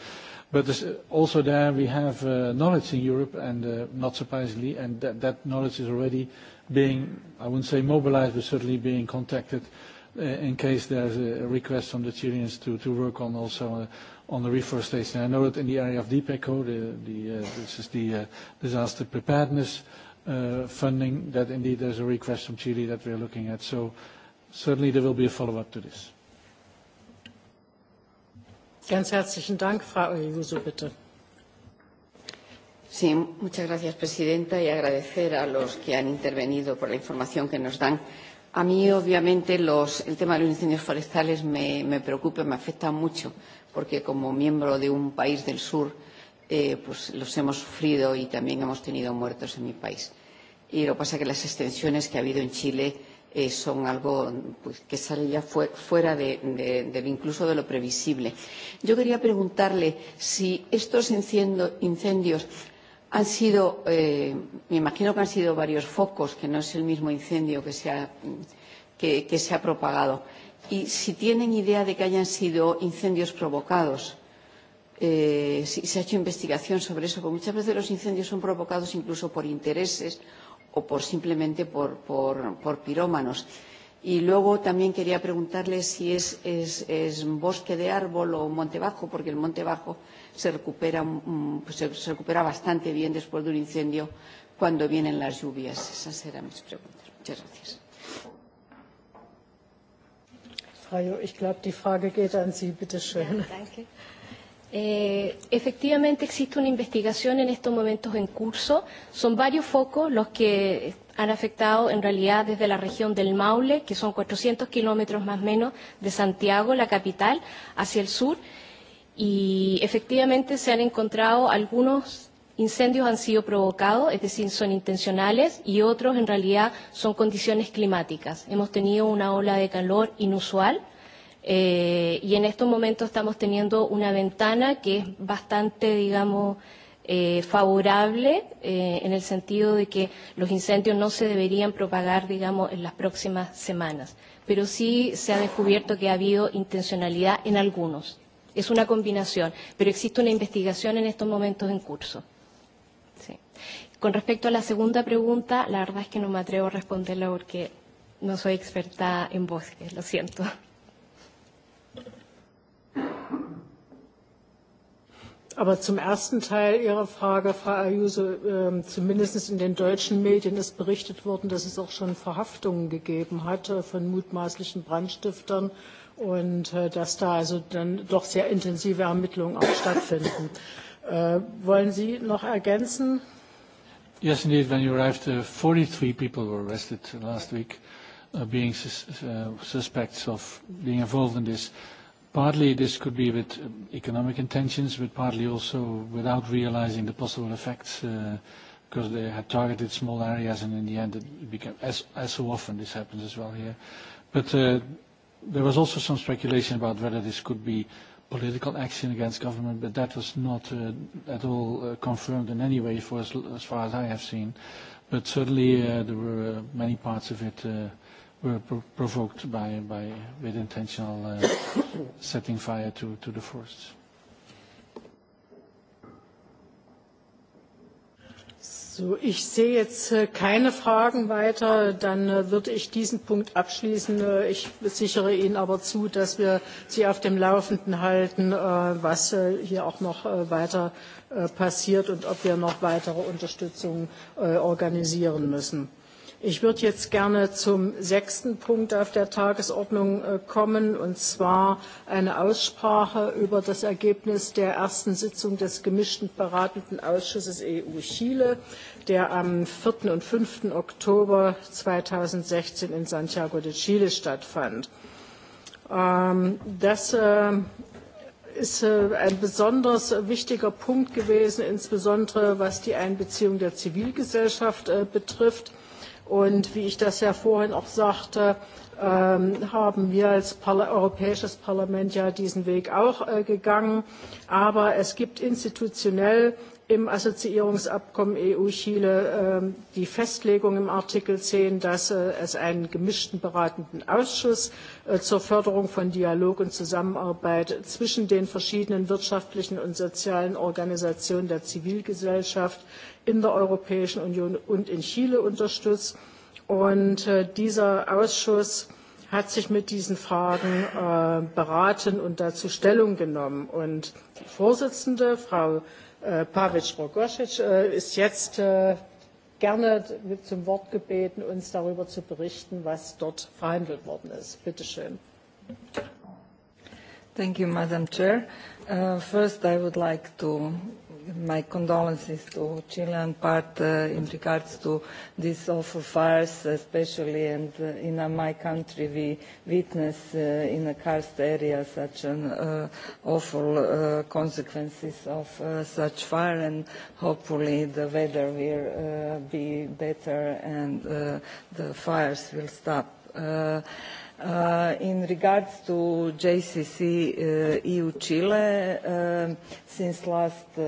But also there, we have knowledge in Europe, and not surprisingly, and that knowledge is already being, I wouldn't say mobilized, but certainly being contacted in case there's a request from the Chileans to to work on also on the reforestation. I know that in the area of DPECO, this is the disaster preparedness funding, that indeed there's a request from Chile that we're looking at. So certainly there will be a follow-up to this. Ganz herzlichen Dank, Frau Ayuso, bitte. Sí, muchas gracias, presidenta, y agradecer a los que han intervenido por la información que nos dan. A mí, obviamente, los, el tema de los incendios forestales me, me preocupa, me afecta mucho, porque como miembro de un país del sur, eh, pues los hemos sufrido y también hemos tenido muertos en mi país. Y lo que pasa es que las extensiones que ha habido en Chile eh, son algo pues, que sale ya fu fuera de, de, de, incluso de lo previsible. Yo quería preguntarle si estos enciendo, incendios han sido, eh, me imagino que han sido varios focos, que no es el mismo incendio que se ha, que, que se ha propagado. Y si tienen idea de que hayan sido incendios provocados, eh, si se ha hecho investigación sobre eso, porque muchas veces los incendios son provocados incluso por intereses o por simplemente por, por, por pirómanos. Y luego también quería preguntarle si es, es, es bosque de árbol o monte bajo, porque el monte bajo se recupera, pues se, se recupera bastante bien después de un incendio cuando vienen las lluvias. Esas eran mis preguntas. Muchas gracias. ich glaube, die Frage geht an Sie. Bitte schön. Ja, danke. Eh, efectivamente existe una investigación en estos momentos en curso. Son varios focos los que han afectado en realidad desde la región del Maule, que son 400 kilómetros más o menos de Santiago, la capital, hacia el sur. Y efectivamente se han encontrado algunos incendios han sido provocados, es decir, son intencionales, y otros en realidad son condiciones climáticas. Hemos tenido una ola de calor inusual Eh, y en estos momentos estamos teniendo una ventana que es bastante, digamos, eh, favorable eh, en el sentido de que los incendios no se deberían propagar, digamos, en las próximas semanas. Pero sí se ha descubierto que ha habido intencionalidad en algunos. Es una combinación, pero existe una investigación en estos momentos en curso. Sí. Con respecto a la segunda pregunta, la verdad es que no me atrevo a responderla porque no soy experta en bosques, lo siento. Aber zum ersten Teil Ihrer Frage, Frau Ayuso, zumindest in den deutschen Medien ist berichtet worden, dass es auch schon Verhaftungen gegeben hat von mutmaßlichen Brandstiftern und dass da also dann doch sehr intensive Ermittlungen auch stattfinden. wollen Sie noch ergänzen? Yes, indeed. When you arrived, uh, 43 people were arrested last week, uh, being sus uh, suspects of being involved in this. Partly this could be with economic intentions, but partly also without realizing the possible effects, because they had targeted small areas, and in the end, it became, as so often this happens as well here. But there was also some speculation about whether this could be political action against government, but that was not at all confirmed in any way for as far as I have seen. But certainly, there were many parts of it were pro provoked by, by with intentional uh, setting fire to, to the forests. So, ich sehe jetzt keine Fragen weiter. Dann würde ich diesen Punkt abschließen. Ich sichere Ihnen aber zu, dass wir Sie auf dem Laufenden halten, was hier auch noch weiter passiert und ob wir noch weitere Unterstützung organisieren müssen. Ich würde jetzt gerne zum sechsten Punkt auf der Tagesordnung kommen, und zwar eine Aussprache über das Ergebnis der ersten Sitzung des gemischten beratenden Ausschusses EU-Chile, der am 4. und 5. Oktober 2016 in Santiago de Chile stattfand. Das ist ein besonders wichtiger Punkt gewesen, insbesondere was die Einbeziehung der Zivilgesellschaft betrifft. Und wie ich das ja vorhin auch sagte, haben wir als Europäisches Parlament ja diesen Weg auch gegangen. Aber es gibt institutionell im Assoziierungsabkommen EU-Chile die Festlegung im Artikel zehn, dass es einen gemischten beratenden Ausschuss zur Förderung von Dialog und Zusammenarbeit zwischen den verschiedenen wirtschaftlichen und sozialen Organisationen der Zivilgesellschaft in der Europäischen Union und in Chile unterstützt. Und dieser Ausschuss hat sich mit diesen Fragen beraten und dazu Stellung genommen. Und die Vorsitzende, Frau Pavic Rogosic, ist jetzt gerne zum Wort gebeten, uns darüber zu berichten, was dort verhandelt worden ist. Bitte schön. Thank you, Madam Chair. Uh, first, I would like to my condolences to Chilean part uh, in regards to these awful fires, especially and uh, in uh, my country we witness uh, in a karst area such an uh, awful uh, consequences of uh, such fire and hopefully the weather will uh, be better and uh, the fires will stop. Uh, Uh, in regards to JCC uh, EU Chile, uh, since last um,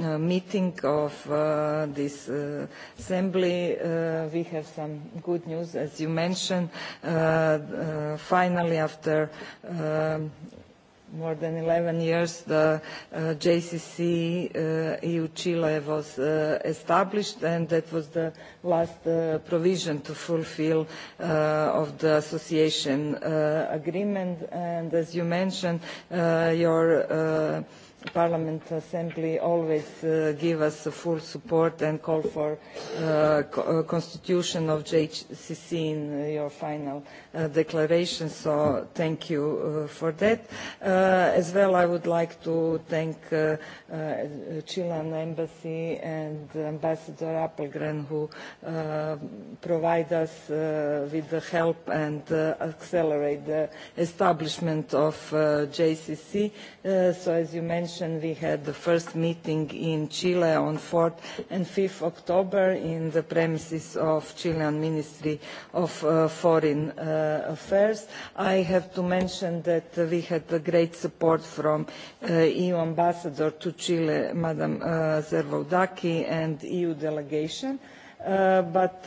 uh, meeting of uh, this uh, assembly, uh, we have some good news, as you mentioned. Uh, uh, finally, after uh, more than 11 years, the uh, JCC uh, EU-Chile was uh, established, and that was the last uh, provision to fulfill uh, of the association uh, agreement. And as you mentioned, uh, your uh, Parliament Assembly always uh, give us full support and call for uh, constitution of JCC in your final uh, declaration, so thank you uh, for that. Uh, as well, I would like to thank uh, uh, Chilean Embassy and Ambassador Appelgren who uh, provide us uh, with the help and uh, accelerate the establishment of uh, JCC. Uh, so as you mentioned, mentioned, we had the first meeting in Chile on 4th and 5th October in the premises of Chilean Ministry of Foreign Affairs. I have to mention that we had the great support from EU Ambassador to Chile, Madam Zervoudaki, and EU delegation. But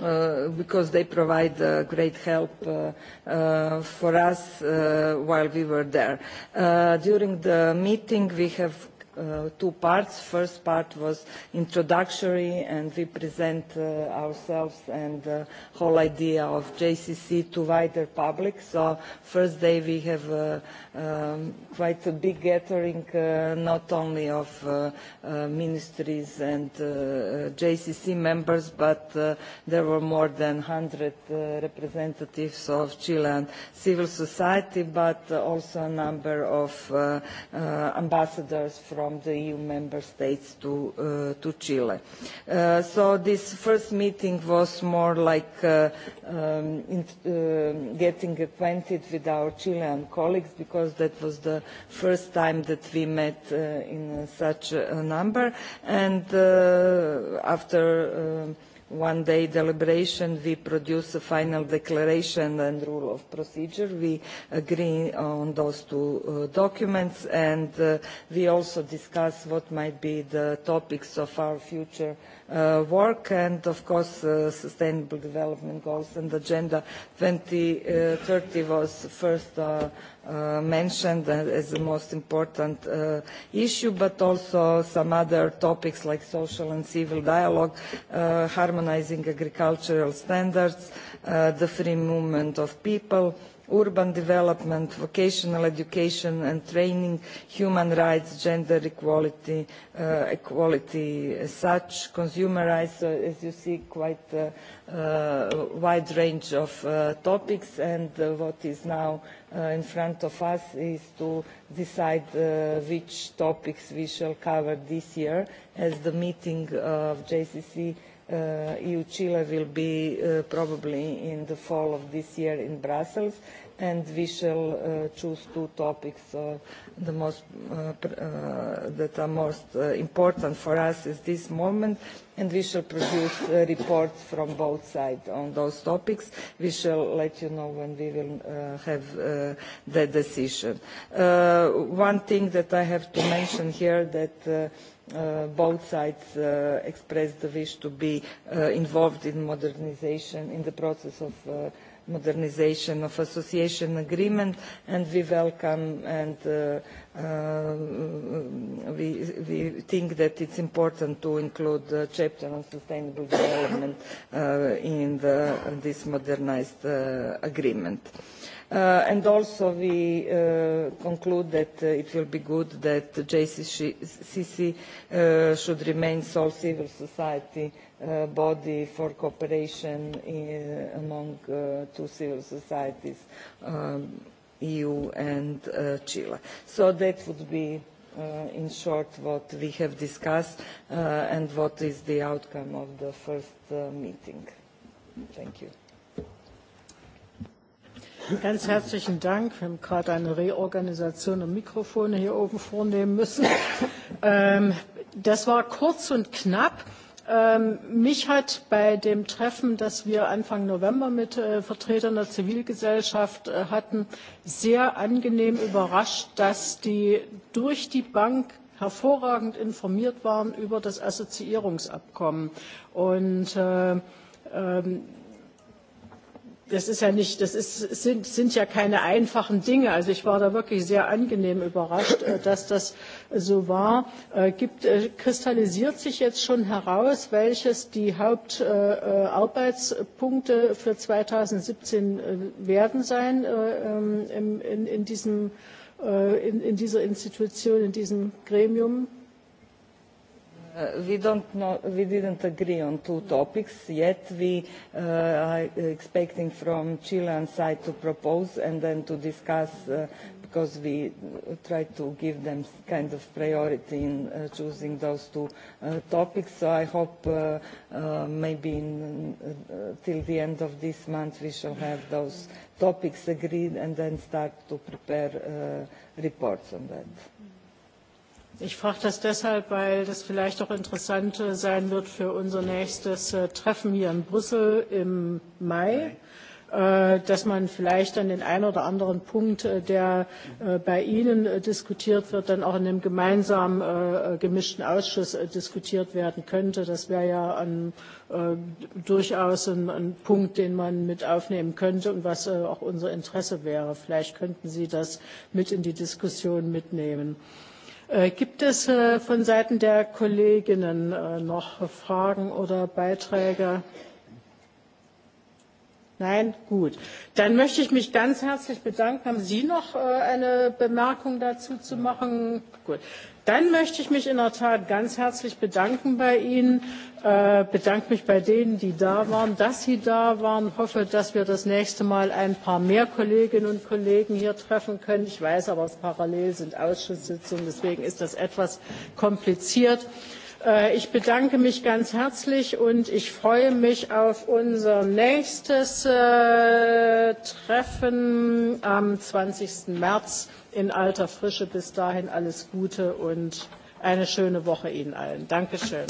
uh, because they provide uh, great help uh, uh, for us uh, while we were there. Uh, during the meeting, we have uh, two parts. First part was introductory, and we present uh, ourselves and the whole idea of JCC to wider public. So first day we have uh, um, quite a big gathering, uh, not only of uh, uh, ministries and uh, JCC members, but uh, there were more than 100 uh, representatives of Chile and civil society, but also a number of uh, uh, ambassadors from from the EU member states to, uh, to Chile. Uh, so this first meeting was more like uh, um, in, uh, getting acquainted with our Chilean colleagues because that was the first time that we met uh, in such a number. And uh, after uh, one day deliberation, we produce a final declaration and rule of procedure. We agree on those two uh, documents and uh, we also discuss what might be the topics of our future uh, work and of course uh, sustainable development goals and agenda 2030 was first uh, mentioned as the most important uh, issue, but also some other topics like social and civil dialogue, uh, harmonizing agricultural standards, uh, the free movement of people, uh, urban development, vocational education and training, human rights, gender equality, uh, equality as such, consumer rights, uh, as you see, quite a uh, wide range of uh, topics and uh, what is now uh, in front of us is to decide uh, which topics we shall cover this year as the meeting of JCC uh, EU Chile will be uh, probably in the fall of this year in Brussels, and we shall uh, choose two topics. Uh, the most uh, uh, that are most uh, important for us is this moment, and we shall produce uh, reports from both sides on those topics. We shall let you know when we will uh, have uh, the decision. Uh, one thing that I have to mention here that. Uh, uh, both sides uh, expressed the wish to be uh, involved in modernization, in the process of uh, modernization of association agreement, and we welcome and uh, uh, we, we think that it's important to include the chapter on sustainable development uh, in the, this modernized uh, agreement. Uh, and also we conclude that it will be good that JCCC should remain sole civil society body for cooperation in, among two civil societies, EU and Chile. So that would be in short what we have discussed and what is the outcome of the first meeting. Thank you. Ganz herzlichen Dank. Wir haben gerade eine Reorganisation der Mikrofone hier oben vornehmen müssen. das war kurz und knapp. mich hat bei dem Treffen, das wir Anfang November mit Vertretern der Zivilgesellschaft hatten, sehr angenehm überrascht, dass die durch die Bank hervorragend informiert waren über das Assoziierungsabkommen. Und das ist ja nicht, das ist, sind, sind ja keine einfachen Dinge. Also ich war da wirklich sehr angenehm überrascht, dass das so war. Gibt, kristallisiert sich jetzt schon heraus, welches die Hauptarbeitspunkte für 2017 werden sein in, in, in, diesem, in, in dieser Institution, in diesem Gremium? we don't know, we didn't agree on two topics yet. We uh, are expecting from Chilean side to propose and then to discuss uh, because we try to give them kind of priority in uh, choosing those two uh, topics. So I hope uh, uh, maybe in, uh, till the end of this month we shall have those topics agreed and then start to prepare uh, reports on that. Ich frage das deshalb, weil das vielleicht auch interessant sein wird für unser nächstes Treffen hier in Brüssel im Mai dass man vielleicht an den einen oder anderen Punkt, der bei Ihnen diskutiert wird, dann auch in einem gemeinsamen gemischten Ausschuss diskutiert werden könnte. Das wäre ja durchaus ein, Punkt, den man mit aufnehmen könnte und was auch unser Interesse wäre. Vielleicht könnten Sie das mit in die Diskussion mitnehmen. Gibt es von Seiten der Kolleginnen noch Fragen oder Beiträge? Nein? Gut. Dann möchte ich mich ganz herzlich bedanken. Haben Sie noch eine Bemerkung dazu zu machen? Gut. Dann möchte ich mich in der Tat ganz herzlich bedanken bei Ihnen, bedanke mich bei denen, die da waren, dass Sie da waren, hoffe, dass wir das nächste Mal ein paar mehr Kolleginnen und Kollegen hier treffen können. Ich weiß aber, es parallel sind Ausschusssitzungen, deswegen ist das etwas kompliziert. Ich bedanke mich ganz herzlich und ich freue mich auf unser nächstes Treffen am 20. März in alter Frische. Bis dahin alles Gute und eine schöne Woche Ihnen allen. Dankeschön.